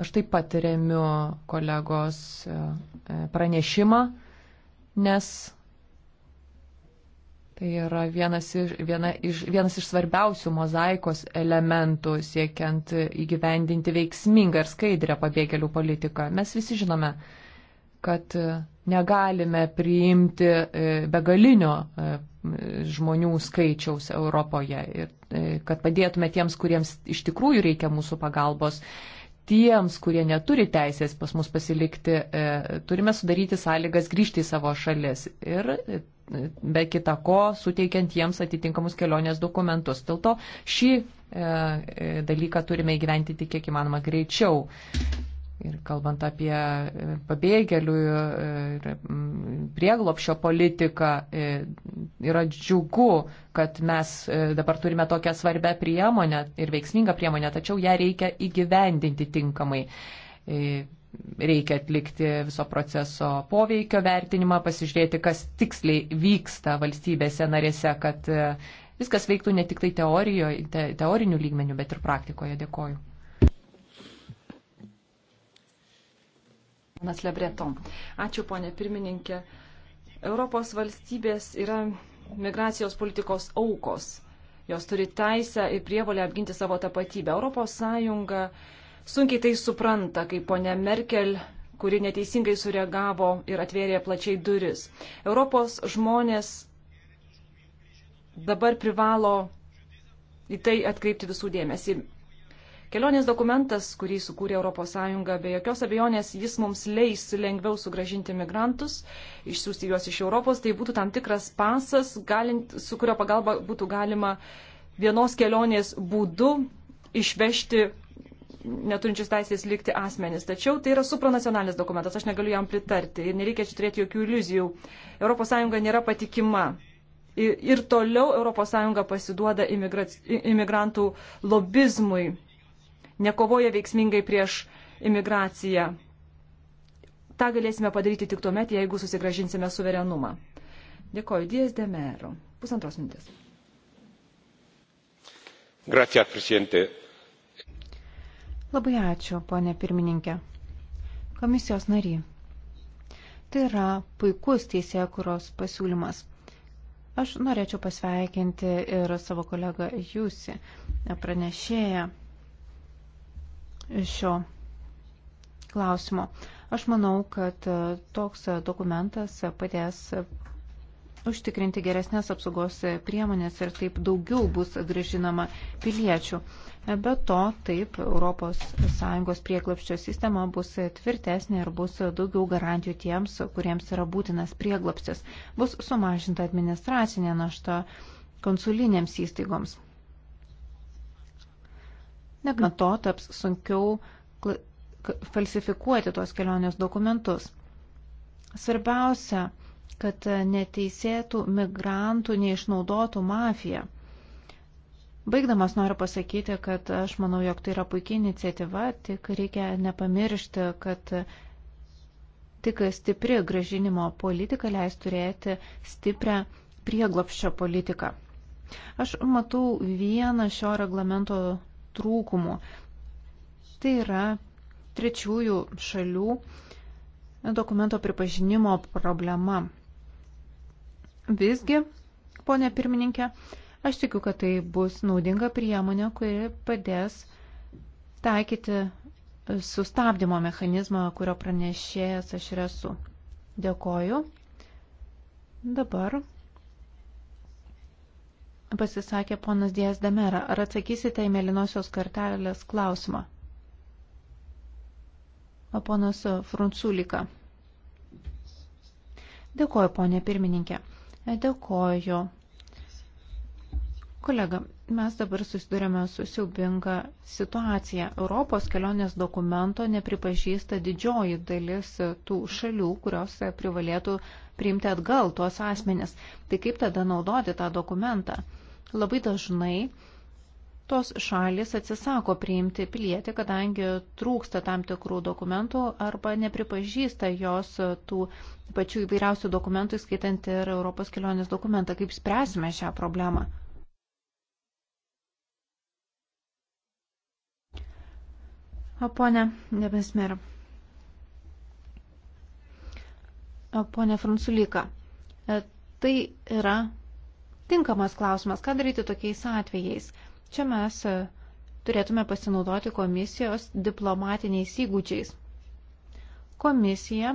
Aš taip pat remiu kolegos e, e, pranešimą, nes tai yra vienas iš, viena iš, vienas iš svarbiausių mozaikos elementų siekiant įgyvendinti veiksmingą ir skaidrę pabėgėlių politiką. Mes visi žinome, kad e, negalime priimti e, begalinio e, žmonių skaičiaus Europoje ir kad padėtume tiems, kuriems iš tikrųjų reikia mūsų pagalbos, tiems, kurie neturi teisės pas mus pasilikti, turime sudaryti sąlygas grįžti į savo šalis ir be kita ko suteikiant jiems atitinkamus kelionės dokumentus. Dėl to šį dalyką turime įgyventyti kiek įmanoma greičiau. Ir kalbant apie e, pabėgėlių e, ir prieglopšio politiką, e, yra džiugu, kad mes dabar turime tokią svarbę priemonę ir veiksmingą priemonę, tačiau ją reikia įgyvendinti tinkamai. Reikia atlikti viso proceso poveikio vertinimą, pasižiūrėti, kas tiksliai vyksta valstybėse narėse, kad viskas veiktų ne tik tai teorijoje, te, teorinių lygmenių, bet ir praktikoje. Dėkoju. Manas Lebreton. Ačiū, ponė pirmininkė. Europos valstybės yra migracijos politikos aukos. Jos turi teisę ir prievolę apginti savo tapatybę. Europos Sąjunga sunkiai tai supranta, kai ponė Merkel kuri neteisingai sureagavo ir atvėrė plačiai duris. Europos žmonės dabar privalo į tai atkreipti visų dėmesį. Kelionės dokumentas, kurį sukūrė ES, be jokios abejonės jis mums leis lengviau sugražinti migrantus, išsiųsti juos iš Europos, tai būtų tam tikras pasas, galint, su kurio pagalba būtų galima vienos kelionės būdu išvežti neturinčius teisės likti asmenys. Tačiau tai yra supranacionalinis dokumentas, aš negaliu jam pritarti ir nereikia čia turėti jokių iliuzijų. ES nėra patikima. Ir toliau ES pasiduoda imigrantų lobizmui nekovoja veiksmingai prieš imigraciją. Ta galėsime padaryti tik tuomet, jeigu susigražinsime suverenumą. Dėkoju, Dies Demero. Pusantros mintis. Gracias, presidente. Labai ačiū, ponė pirmininkė. Komisijos nary. Tai yra puikus teisėkuros pasiūlymas. Aš norėčiau pasveikinti ir savo kolegą Jūsi, pranešėją šio klausimo. Aš manau, kad e, toks e, dokumentas padės užtikrinti geresnės apsaugos priemonės ir taip daugiau bus gražinama piliečių. Be to, taip, ES prieglapščio sistema bus tvirtesnė ir bus daugiau garantijų tiems, kuriems yra būtinas prieglapstis. Bus sumažinta administracinė našta konsulinėms įstaigoms. Negana to, taps sunkiau falsifikuoti tuos kelionės dokumentus. Svarbiausia, kad neteisėtų migrantų neišnaudotų mafija. Baigdamas noriu pasakyti, kad aš manau, jog tai yra puikia iniciatyva, tik reikia nepamiršti, kad tik stipri gražinimo politika leis turėti stiprią prieglopščio politiką. Aš matau vieną šio reglamento trūkumų. Tai yra trečiųjų šalių dokumento pripažinimo problema. Visgi, ponė pirmininkė, aš tikiu, kad tai bus naudinga priemonė, kuri padės taikyti sustabdymo mechanizmą, kurio pranešėjas aš ir esu. Dėkoju. Dabar pasisakė ponas Dijas Demera. Ar atsakysite į mėlynosios kartelės klausimą? O ponas Frunculika. Dėkoju, ponė pirmininkė. Dėkoju Kolega, mes dabar susidurėme su siaubinga situacija. Europos kelionės dokumento nepripažįsta didžioji dalis tų šalių, kurios privalėtų priimti atgal tuos asmenis. Tai kaip tada naudoti tą dokumentą? Labai dažnai tos šalis atsisako priimti pilietį, kadangi trūksta tam tikrų dokumentų arba nepripažįsta jos tų pačių įvairiausių dokumentų, skaitant ir Europos kelionės dokumentą. Kaip spręsime šią problemą? O ponė, nebesmerim. Pone Fransulika, e, tai yra tinkamas klausimas, ką daryti tokiais atvejais. Čia mes e, turėtume pasinaudoti komisijos diplomatiniais įgūdžiais. Komisija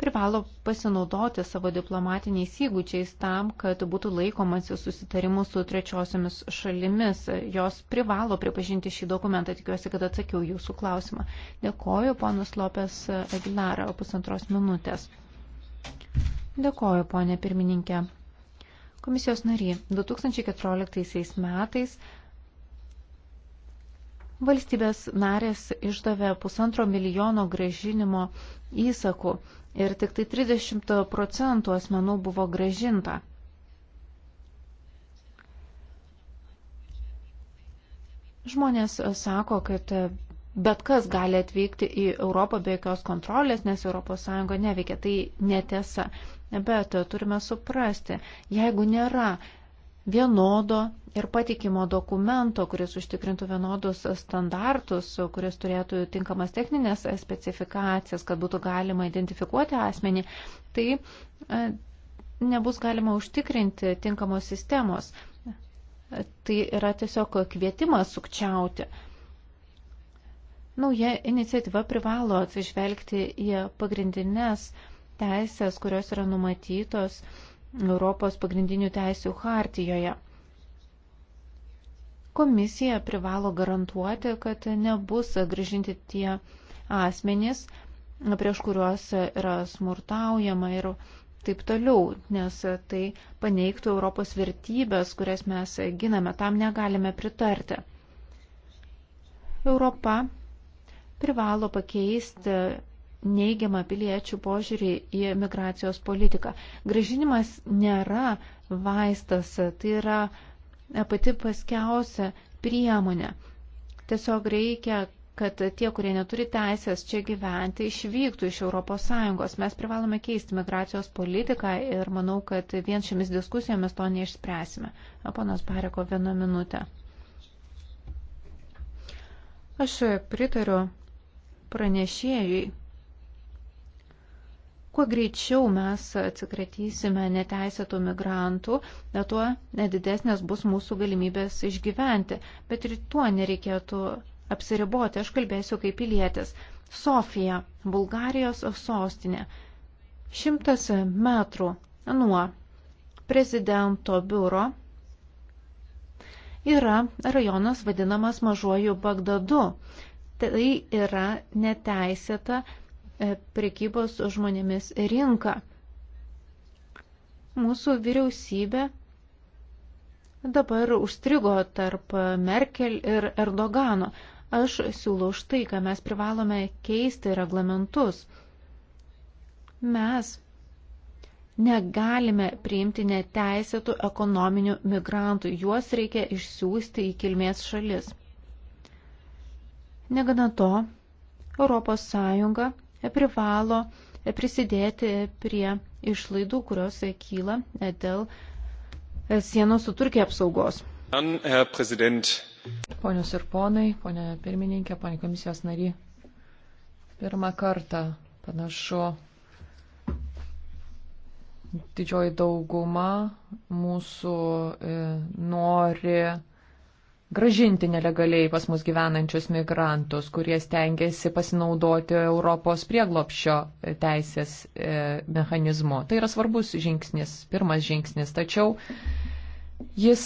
privalo pasinaudoti savo diplomatiniais įgūdžiais tam, kad būtų laikomasi susitarimų su trečiosiomis šalimis. Jos privalo pripažinti šį dokumentą. Tikiuosi, kad atsakiau jūsų klausimą. Dėkoju, ponas Lopės Aguilara, pusantros minutės. Dėkoju, ponė pirmininkė. Komisijos nariai, 2014 metais valstybės narės išdavė pusantro milijono gražinimo įsakų ir tik tai 30 procentų asmenų buvo gražinta. Žmonės sako, kad bet kas gali atvykti į Europą be jokios kontrolės, nes ES neveikia. Tai netiesa. Bet turime suprasti, jeigu nėra vienodo ir patikimo dokumento, kuris užtikrintų vienodus standartus, kuris turėtų tinkamas techninės specifikacijas, kad būtų galima identifikuoti asmenį, tai e, nebus galima užtikrinti tinkamos sistemos. Tai yra tiesiog kvietimas sukčiauti. Nauja iniciatyva privalo atsižvelgti į pagrindinės teisės, kurios yra numatytos Europos pagrindinių teisių hartijoje. Komisija privalo garantuoti, kad nebus gražinti tie asmenys, prieš kuriuos yra smurtaujama ir taip toliau, nes tai paneigtų Europos vertybės, kurias mes giname, tam negalime pritarti. Europa privalo pakeisti neigiamą piliečių požiūrį į migracijos politiką. Gražinimas nėra vaistas, tai yra pati paskiausia priemonė. Tiesiog reikia, kad tie, kurie neturi teisės čia gyventi, išvyktų iš ES. Mes privalome keisti migracijos politiką ir manau, kad vien šiomis diskusijomis to neišspręsime. Ponas Pareko, vieną minutę. Aš pritariu pranešėjui Kuo greičiau mes atsikratysime neteisėtų migrantų, tuo nedidesnės bus mūsų galimybės išgyventi. Bet ir tuo nereikėtų apsiriboti, aš kalbėsiu kaip pilietis. Sofija, Bulgarijos sostinė. Šimtas metrų nuo prezidento biuro yra rajonas vadinamas Mažuoju Bagdadu. Tai yra neteisėta E, prekybos žmonėmis rinką. Mūsų vyriausybė dabar užstrigo tarp Merkel ir Erdogano. Aš siūlau štai, ką mes privalome keisti reglamentus. Mes negalime priimti neteisėtų ekonominių migrantų, juos reikia išsiųsti į kilmės šalis. Negana to, ES privalo prisidėti prie išlaidų, kurios kyla dėl sienos su Turkija apsaugos. Ponios ir ponai, ponė pirmininkė, ponė komisijos nary, pirmą kartą panašu didžioji dauguma mūsų e, nori gražinti nelegaliai pas mus gyvenančius migrantus, kurie stengiasi pasinaudoti Europos prieglopščio teisės e, mechanizmu. Tai yra svarbus žingsnis, pirmas žingsnis, tačiau jis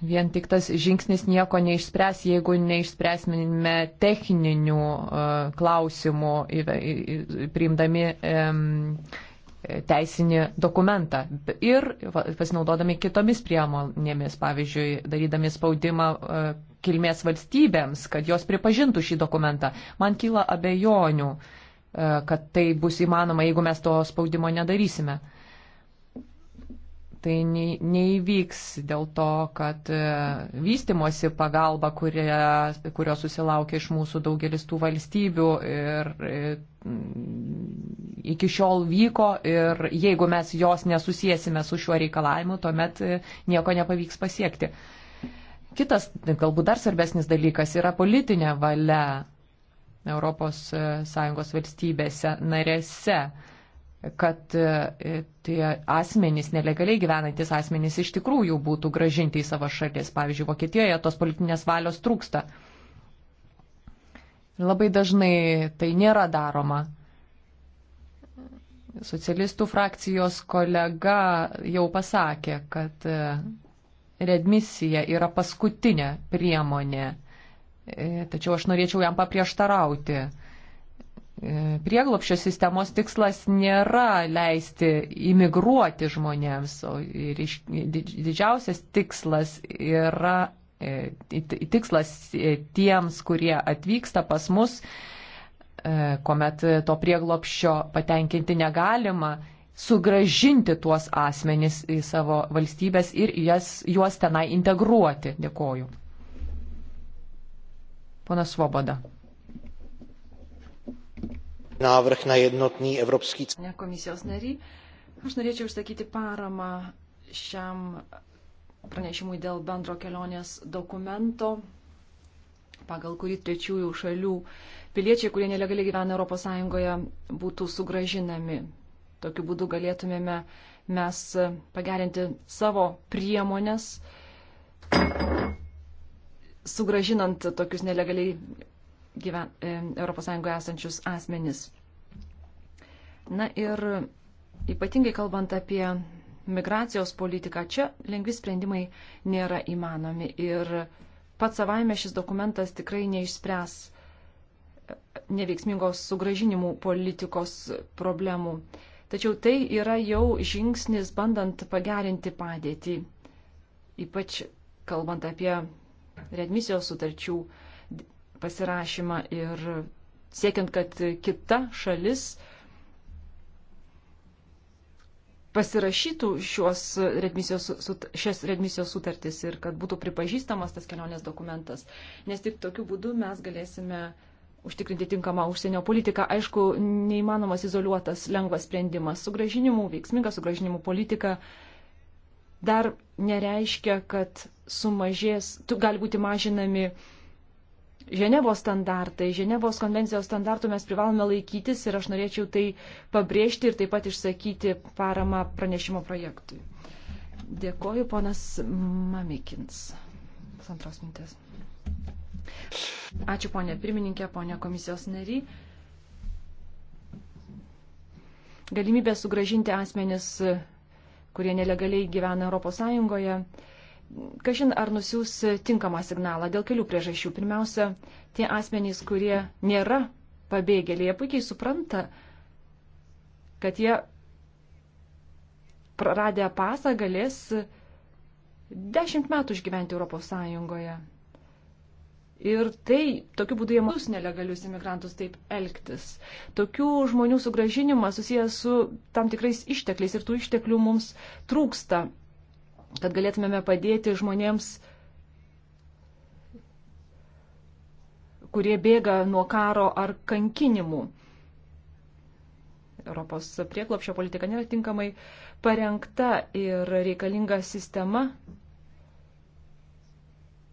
vien tik tas žingsnis nieko neišspręs, jeigu neišspręsime techninių e, klausimų priimdami teisinį dokumentą ir pasinaudodami kitomis priemonėmis, pavyzdžiui, darydami spaudimą e, kilmės valstybėms, kad jos pripažintų šį dokumentą. Man kyla abejonių, e, kad tai bus įmanoma, jeigu mes to spaudimo nedarysime tai neįvyks dėl to, kad e, vystimosi pagalba, kurie, kurio susilaukia iš mūsų daugelis tų valstybių ir e, iki šiol vyko ir jeigu mes jos nesusijęsime su šiuo reikalavimu, tuomet e, nieko nepavyks pasiekti. Kitas, galbūt dar svarbesnis dalykas yra politinė valia ES valstybėse narėse kad e, tie asmenys, nelegaliai gyvenantis asmenys iš tikrųjų būtų gražinti į savo šalis. Pavyzdžiui, Vokietijoje tos politinės valios trūksta. Labai dažnai tai nėra daroma. Socialistų frakcijos kolega jau pasakė, kad e, redmisija yra paskutinė priemonė. E, tačiau aš norėčiau jam paprieštarauti E, prieglopšio sistemos tikslas nėra leisti imigruoti žmonėms, o didžiausias tikslas yra e, tikslas e, tiems, kurie atvyksta pas mus, kuomet to prieglopšio patenkinti negalima, sugražinti tuos asmenys į savo valstybės ir jas, juos tenai integruoti. Dėkoju. Pana Svoboda návrh na jednotný evropský. Ne komisijos nariai, aš norėčiau išsakyti paramą šiam pranešimui dėl bendro kelionės dokumento, pagal kurį trečiųjų šalių piliečiai, kurie nelegaliai gyvena ES, būtų sugražinami. Tokiu būdu galėtumėme mes pagerinti savo priemonės, sugražinant tokius nelegaliai gyven, ES esančius asmenis. Na ir ypatingai kalbant apie migracijos politiką, čia lengvi sprendimai nėra įmanomi ir pats savaime šis dokumentas tikrai neišspręs e, neveiksmingos sugražinimų politikos problemų. Tačiau tai yra jau žingsnis bandant pagerinti padėtį, ypač kalbant apie readmisijos sutarčių uh, pasirašymą ir siekiant, kad kita šalis pasirašytų šios redmisijos, šias redmisijos sutartis ir kad būtų pripažįstamas tas kelionės dokumentas. Nes tik tokiu būdu mes galėsime užtikrinti tinkamą užsienio politiką. Aišku, neįmanomas izoliuotas lengvas sprendimas. Sugražinimų, veiksminga sugražinimų politika dar nereiškia, kad sumažės, tu gali būti mažinami uh, Ženevos standartai, Ženevos konvencijos standartų mes privalome laikytis ir aš norėčiau tai pabrėžti ir taip pat išsakyti paramą pranešimo projektui. Dėkoju, ponas Mamikins. Antros mintės. Ačiū, ponė pirmininkė, ponė komisijos nary. Galimybė sugražinti asmenis, kurie nelegaliai gyvena ES kažin ar nusiūs tinkamą signalą dėl kelių priežasčių. Pirmiausia, tie asmenys, kurie nėra pabėgėliai, jie puikiai supranta, kad jie praradę pasą galės dešimt metų išgyventi Europos Sąjungoje. Ir tai, tokiu būdu jie mus nelegalius imigrantus taip elgtis. Tokių žmonių sugražinimas susijęs su tam tikrais ištekliais ir tų išteklių mums trūksta kad galėtumėme padėti žmonėms, kurie bėga nuo karo ar kankinimų. Europos prieklopšio politika nėra tinkamai parengta ir reikalinga sistema,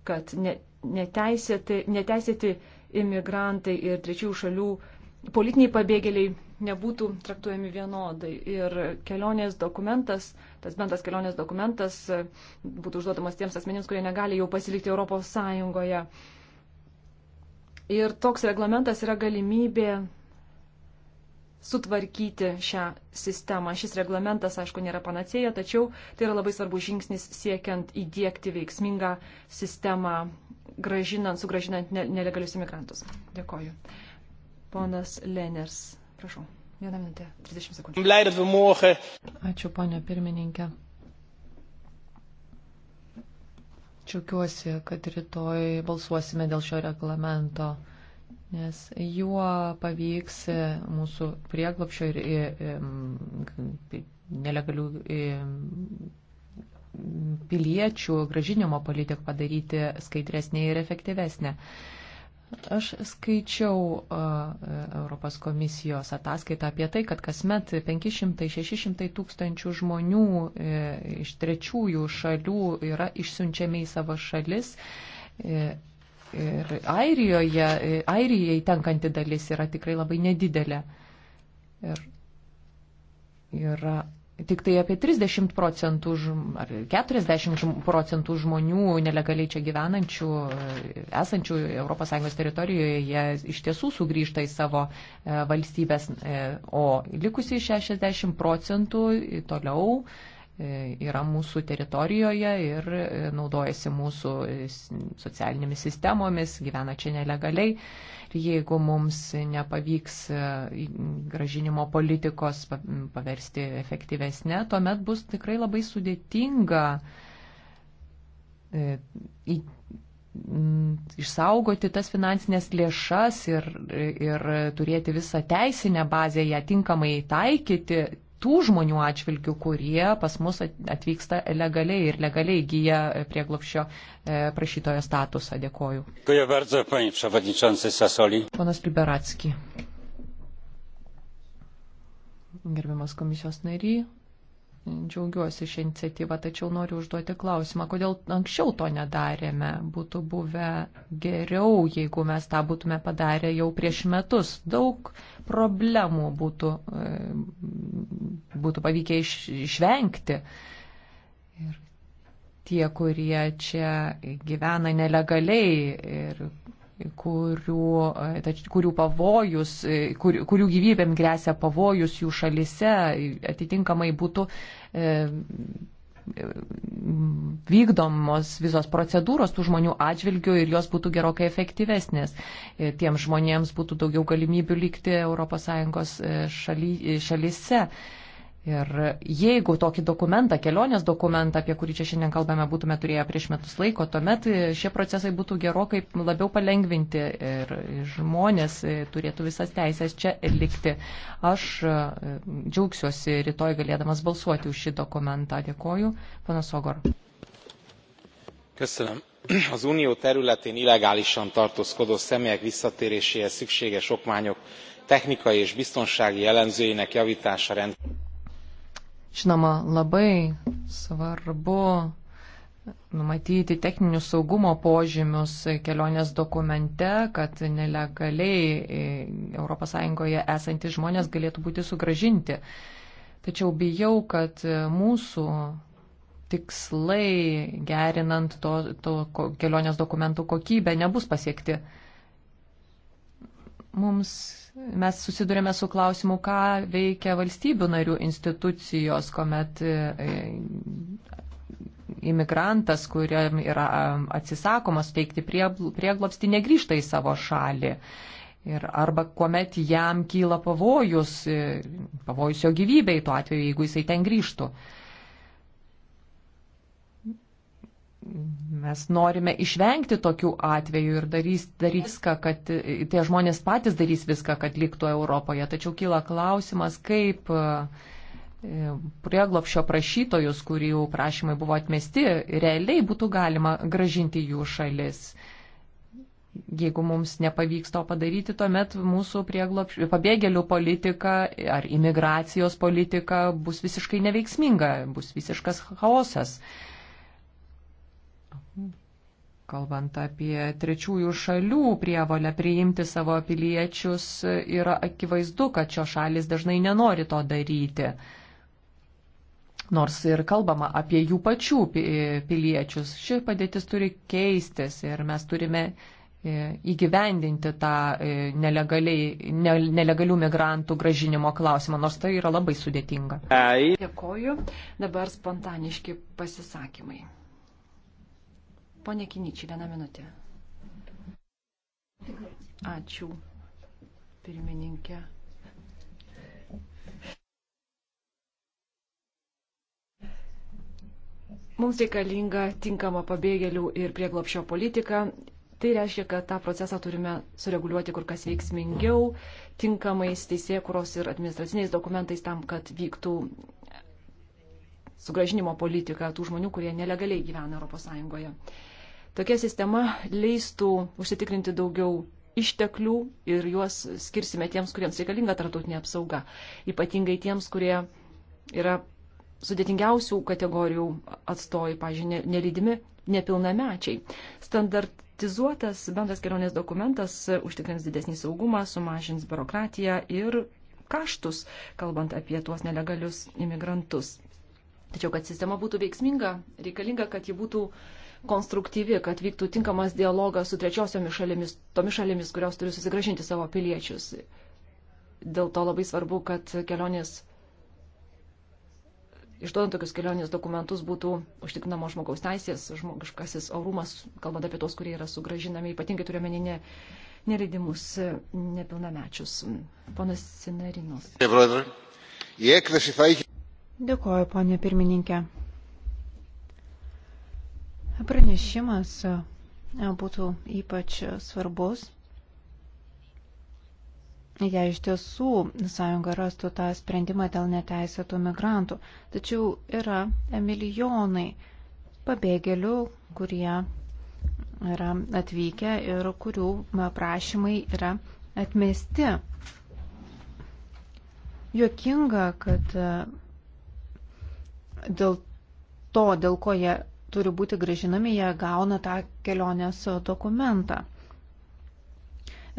kad ne, neteisėti, neteisėti imigrantai ir trečiųjų šalių politiniai pabėgėliai nebūtų traktuojami vienodai. Ir kelionės dokumentas, tas bendras kelionės dokumentas e, būtų užduodamas tiems asmenims, kurie negali jau pasilikti Europos Sąjungoje. Ir toks reglamentas yra galimybė sutvarkyti šią sistemą. Šis reglamentas, aišku, nėra panacėja, tačiau tai yra labai svarbus žingsnis siekiant įdėkti veiksmingą sistemą, gražinant, sugražinant nelegalius imigrantus. Dėkoju. Ponas Leners. Prašau, vieną minutę, 30 sekundžių. Ačiū, ponė pirmininkė. Čiaukiuosi, kad rytoj balsuosime dėl šio reglamento, nes juo pavyks mūsų prieglapšio ir, ir, nelegalių piliečių gražinimo politiką padaryti skaidresnė ir efektyvesnė. Aš skaičiau e, Europos komisijos ataskaitą apie tai, kad kasmet 500-600 tūkstančių žmonių e, iš trečiųjų šalių yra išsiunčiami į savo šalis. E, ir Airijoje, Airijai tenkanti dalis yra tikrai labai nedidelė. Ir yra Tik tai apie 30 procentų ar 40 procentų žmonių nelegaliai čia gyvenančių, e, esančių ES teritorijoje, jie iš tiesų sugrįžta į savo e, valstybės, e, o likusiai 60 procentų toliau E, yra mūsų teritorijoje ir e, naudojasi mūsų e, socialinėmis sistemomis, gyvena čia nelegaliai. Ir jeigu mums nepavyks gražinimo politikos paversti efektyvesnė, tuomet bus tikrai labai sudėtinga išsaugoti tas finansinės lėšas ir, ir turėti visą teisinę bazę, ją tinkamai taikyti tų žmonių atžvilgių, kurie pas mus atvyksta legaliai ir legaliai įgyja e, prieglopščio e, prašytojo statusą. Dėkoju. Dėkoju bardzo, panie przewodniczący Sasoli. Ponas Liberatski. Gerbiamas komisijos nary, džiaugiuosi šią iniciatyvą, tačiau noriu užduoti klausimą, kodėl anksčiau to nedarėme. Būtų buvę geriau, jeigu mes tą būtume padarę jau prieš metus. Daug problemų būtų, e, būtų pavykę iš, išvengti. Ir tie, kurie čia gyvena nelegaliai ir kurių, e, kurių pavojus, e, kur, kurių gyvybėm grėsia pavojus jų šalise, atitinkamai būtų e, vykdomos visos procedūros tų žmonių atžvilgių ir jos būtų gerokai efektyvesnės. Tiems žmonėms būtų daugiau galimybių likti ES šaly, šalyse. Ir jeigu tokį dokumentą, kelionės dokumentą, apie kurį čia šiandien kalbame, būtume turėję prieš metus laiko, tuomet šie procesai būtų gerokai labiau palengvinti ir žmonės turėtų visas teisės čia likti. Aš e, džiaugsiuosi rytoj galėdamas balsuoti už šį dokumentą. Dėkoju, panas Ogor. Köszönöm. Az unió területén illegálisan tartózkodó személyek visszatéréséhez szükséges okmányok technikai és biztonsági jellemzőinek javítása rendkívül Žinoma, labai svarbu numatyti techninius saugumo požymius kelionės dokumente, kad nelegaliai ES esantys žmonės galėtų būti sugražinti. Tačiau bijau, kad mūsų tikslai gerinant to, to kelionės dokumentų kokybę nebus pasiekti mums, mes susidurėme su klausimu, ką veikia valstybių narių institucijos, kuomet e, e, imigrantas, kuriam yra atsisakomas teikti prieglobstį, negrįžta į savo šalį. Ir arba kuomet jam kyla pavojus, e, pavojus jo gyvybei tuo atveju, jeigu jisai ten grįžtų. Uh, mes norime išvengti tokių atvejų ir darys, darys viską, kad tie žmonės patys darys viską, kad liktų Europoje. Tačiau kyla klausimas, kaip e, prieglopšio prašytojus, kurių prašymai buvo atmesti, realiai būtų galima gražinti jų šalis. Jeigu mums nepavyks to padaryti, tuomet mūsų pabėgėlių politika ar imigracijos politika bus visiškai neveiksminga, bus visiškas chaosas. Uh, kalbant apie trečiųjų šalių prievolę priimti savo piliečius, yra akivaizdu, kad šios šalis dažnai nenori to daryti. Nors ir kalbama apie jų pačių piliečius, ši padėtis turi keistis ir mes turime e, įgyvendinti tą e, ne, nelegalių migrantų gražinimo klausimą, nors tai yra labai sudėtinga. Dėkoju. Dabar spontaniški pasisakymai. Pone Kiničiai, vieną minutę. Ačiū, pirmininkė. Mums reikalinga tinkama pabėgėlių ir prieglopšio politika. Tai reiškia, kad tą procesą turime sureguliuoti kur kas veiksmingiau, tinkamais teisėkuros ir administraciniais dokumentais tam, kad vyktų sugražinimo politika tų žmonių, kurie nelegaliai gyvena ES. Tokia sistema leistų užsitikrinti daugiau išteklių ir juos skirsime tiems, kuriems reikalinga tartutinė apsauga, ypatingai tiems, kurie yra sudėtingiausių kategorijų atstovai, pažiūrėjau, nelydimi nepilnamečiai. Standartizuotas bendras kelionės dokumentas užtikrins didesnį saugumą, sumažins biurokratiją ir kaštus, kalbant apie tuos nelegalius imigrantus. Tačiau, kad sistema būtų veiksminga, reikalinga, kad ji būtų uh, konstruktyvi, kad vyktų tinkamas dialogas su trečiosiomis šalimis, tomis šalimis, kurios turi susigražinti savo piliečius. Dėl to labai svarbu, kad kelionės, išduodant tokius kelionės dokumentus, būtų užtikrinamo žmogaus teisės, žmogiškasis orumas, kalbant apie tos, kurie yra sugražinami, ypatingai turiuomeninė neleidimus nepilnamečius. Ponas Sinarinos. Dėkuoju, ponė pirmininkė. Pranešimas e, būtų ypač svarbus, jei iš tiesų sąjunga rastų tą sprendimą dėl neteisėtų migrantų. Tačiau yra e, milijonai pabėgėlių, kurie yra atvykę ir kurių e, prašymai yra atmesti. Jokinga, kad dėl to, dėl ko jie turi būti gražinami, jie gauna tą kelionės dokumentą.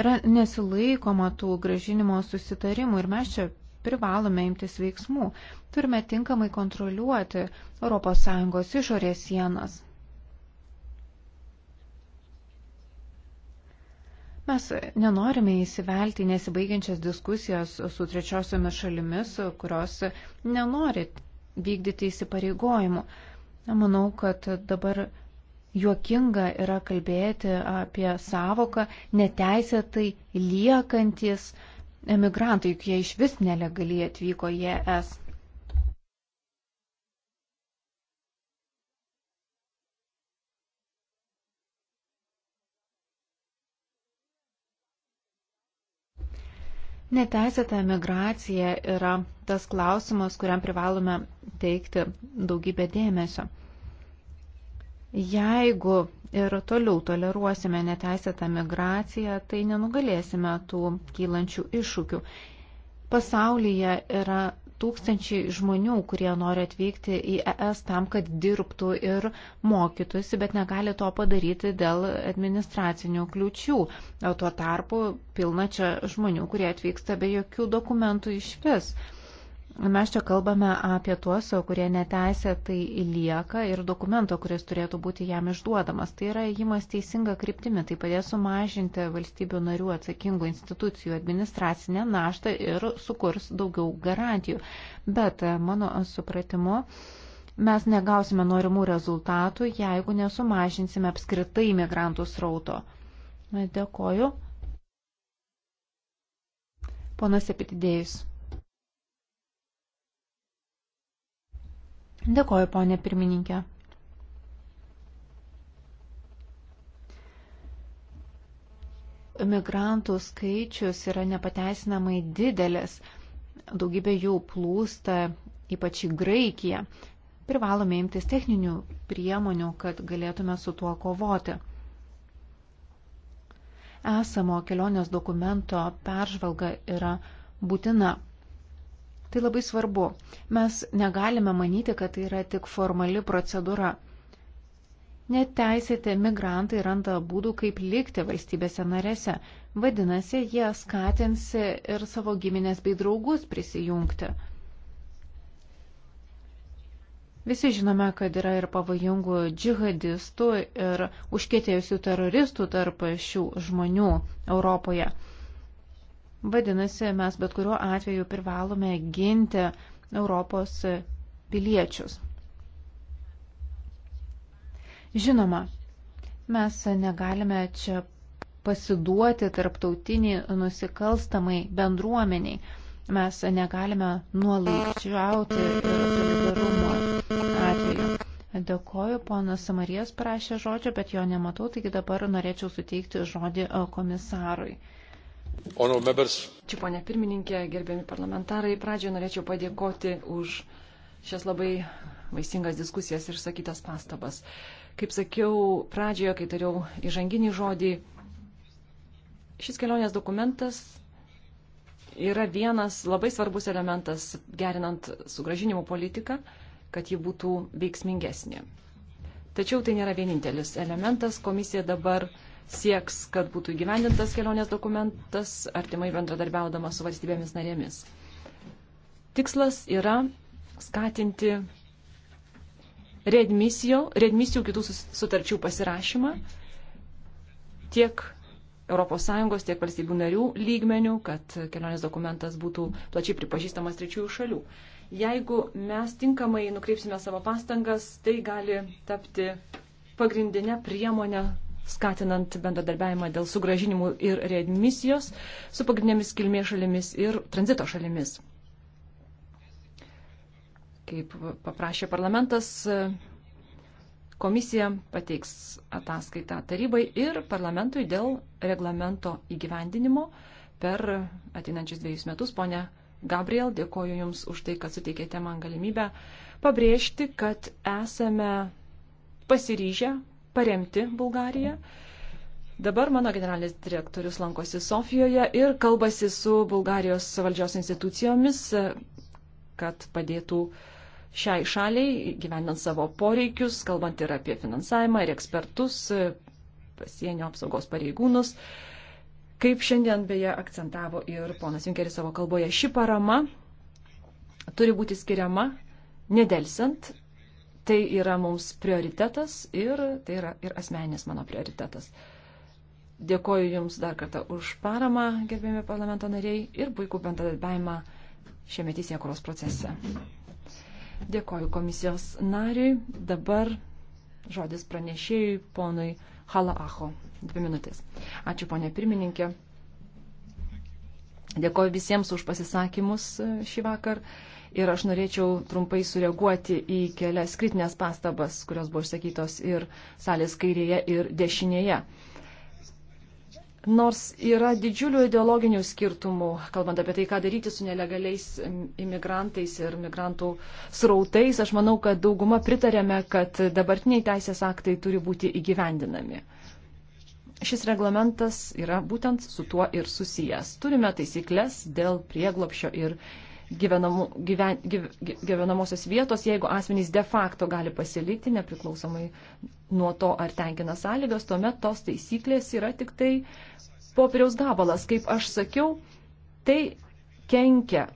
Yra nesilaikoma tų gražinimo susitarimų ir mes čia privalome imtis veiksmų. Turime tinkamai kontroliuoti ES išorės sienas. Mes nenorime įsivelti nesibaigiančias diskusijas su trečiosiomis šalimis, kurios nenori vykdyti įsipareigojimų. Manau, kad dabar juokinga yra kalbėti apie savoką neteisėtai liekantis emigrantai, juk jie iš vis nelegaliai atvyko į ES. Neteisėta migracija yra tas klausimas, kuriam privalome teikti daugybę dėmesio. Jeigu ir toliau toleruosime neteisėtą migraciją, tai nenugalėsime tų kylančių iššūkių. Pasaulyje yra tūkstančiai žmonių, kurie nori atvykti į ES tam, kad dirbtų ir mokytųsi, bet negali to padaryti dėl administracinių kliučių. O tuo tarpu pilna čia žmonių, kurie atvyksta be jokių dokumentų iš vis. Mes čia kalbame apie tuos, kurie neteisė tai lieka ir dokumento, kuris turėtų būti jam išduodamas. Tai yra įjimas teisinga kryptimi, tai padės sumažinti valstybių narių atsakingų institucijų administracinę naštą ir sukurs daugiau garantijų. Bet e, mano supratimu, mes negausime norimų rezultatų, jeigu nesumažinsime apskritai migrantų srauto. Dėkoju. Ponas Epitidėjus. Dėkoju, ponė pirmininkė. Migrantų skaičius yra nepateisinamai didelis. Daugybė jų plūsta ypač į Graikiją. Privalome imtis techninių priemonių, kad galėtume su tuo kovoti. Esamo kelionės dokumento peržvalga yra būtina. Tai labai svarbu. Mes negalime manyti, kad tai yra tik formali procedūra. Neteisėti migrantai randa būdų, kaip likti valstybėse narėse. Vadinasi, jie skatinsi ir savo giminės bei draugus prisijungti. Visi žinome, kad yra ir pavojingų džihadistų ir užkėtėjusių teroristų tarp šių žmonių Europoje. Vadinasi, mes bet kuriuo atveju privalome ginti Europos piliečius. Žinoma, mes negalime čia pasiduoti tarptautiniai nusikalstamai bendruomeniai. Mes negalime nuolaikčiauti ir solidarumo atveju. Dėkoju, ponas Samarijas prašė žodžio, bet jo nematau, taigi dabar norėčiau suteikti žodį e, komisarui. Čia, ponė pirmininkė, gerbiami parlamentarai, pradžioje norėčiau padėkoti už šias labai vaisingas diskusijas ir sakytas pastabas. Kaip sakiau pradžioje, kai tariau įžanginį žodį, šis kelionės dokumentas yra vienas labai svarbus elementas gerinant sugražinimo politiką, kad ji būtų veiksmingesnė. Tačiau tai nėra vienintelis elementas. Komisija dabar sieks, kad būtų įgyvendintas kelionės dokumentas, artimai bendradarbiaudama su valstybėmis narėmis. Tikslas yra skatinti redmisijų kitų sutarčių pasirašymą tiek ES, tiek valstybių narių lygmenių, kad kelionės dokumentas būtų plačiai pripažįstamas trečiųjų šalių. Jeigu mes tinkamai nukreipsime savo pastangas, tai gali tapti pagrindinę priemonę skatinant bendradarbiavimą dėl sugražinimų ir readmisijos su pagrindinėmis kilmės šalimis ir tranzito šalimis. Kaip paprašė parlamentas, komisija pateiks ataskaitą tarybai ir parlamentui dėl reglamento įgyvendinimo per ateinančius dviejus metus. Pone Gabriel, dėkoju Jums už tai, kad suteikėte man galimybę pabrėžti, kad esame pasiryžę paremti Bulgariją. Dabar mano generalinis direktorius lankosi Sofijoje ir kalbasi su Bulgarijos valdžios institucijomis, kad padėtų šiai šaliai gyvenant savo poreikius, kalbant ir apie finansavimą, ir ekspertus, pasienio apsaugos pareigūnus. Kaip šiandien beje akcentavo ir ponas Junkeris savo kalboje, ši parama turi būti skiriama nedelsiant tai yra mums prioritetas ir tai yra ir asmeninis mano prioritetas. Dėkoju Jums dar kartą už paramą, gerbėmi parlamento nariai, ir puikų bendradarbiavimą šiame teisėkuros procese. Dėkoju komisijos nariui. Dabar žodis pranešėjui ponui Halaacho. Dvi minutės. Ačiū, ponė pirmininkė. Dėkoju visiems už pasisakymus šį vakar ir aš norėčiau trumpai sureaguoti į kelias kritinės pastabas, kurios buvo išsakytos ir salės kairėje, ir dešinėje. Nors yra didžiulių ideologinių skirtumų, kalbant apie tai, ką daryti su nelegaliais imigrantais ir migrantų srautais, aš manau, kad dauguma pritarėme, kad dabartiniai teisės aktai turi būti įgyvendinami. Šis reglamentas yra būtent su tuo ir susijęs. Turime taisyklės dėl prieglopšio ir gyvenamų, gyven, gyv, gyvenamosios vietos, jeigu asmenys de facto gali pasilikti, nepriklausomai nuo to, ar tenkina sąlygas, tuomet tos taisyklės yra tik tai popieriaus gabalas. Kaip aš sakiau, tai kenkia,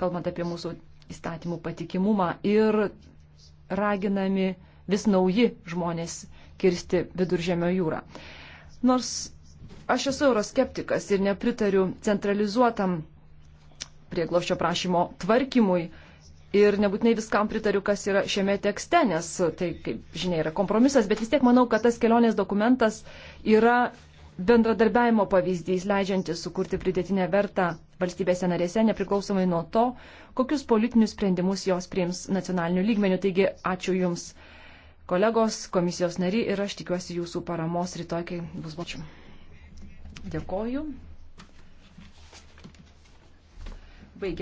kalbant apie mūsų įstatymų patikimumą ir raginami vis nauji žmonės kirsti viduržėmio jūrą. Nors aš esu euroskeptikas ir nepritariu centralizuotam prieglošio prašymo tvarkymui. Ir nebūtinai viskam pritariu, kas yra šiame tekste, nes tai, kaip žinia, yra kompromisas, bet vis tiek manau, kad tas kelionės dokumentas yra bendradarbiavimo pavyzdys, leidžiantis sukurti pridėtinę vertą valstybėse narėse, nepriklausomai nuo to, kokius politinius sprendimus jos priims nacionaliniu lygmeniu. Taigi, ačiū Jums, kolegos, komisijos nariai, ir aš tikiuosi Jūsų paramos rytoj, kai bus bočiu. Dėkoju. Baigia.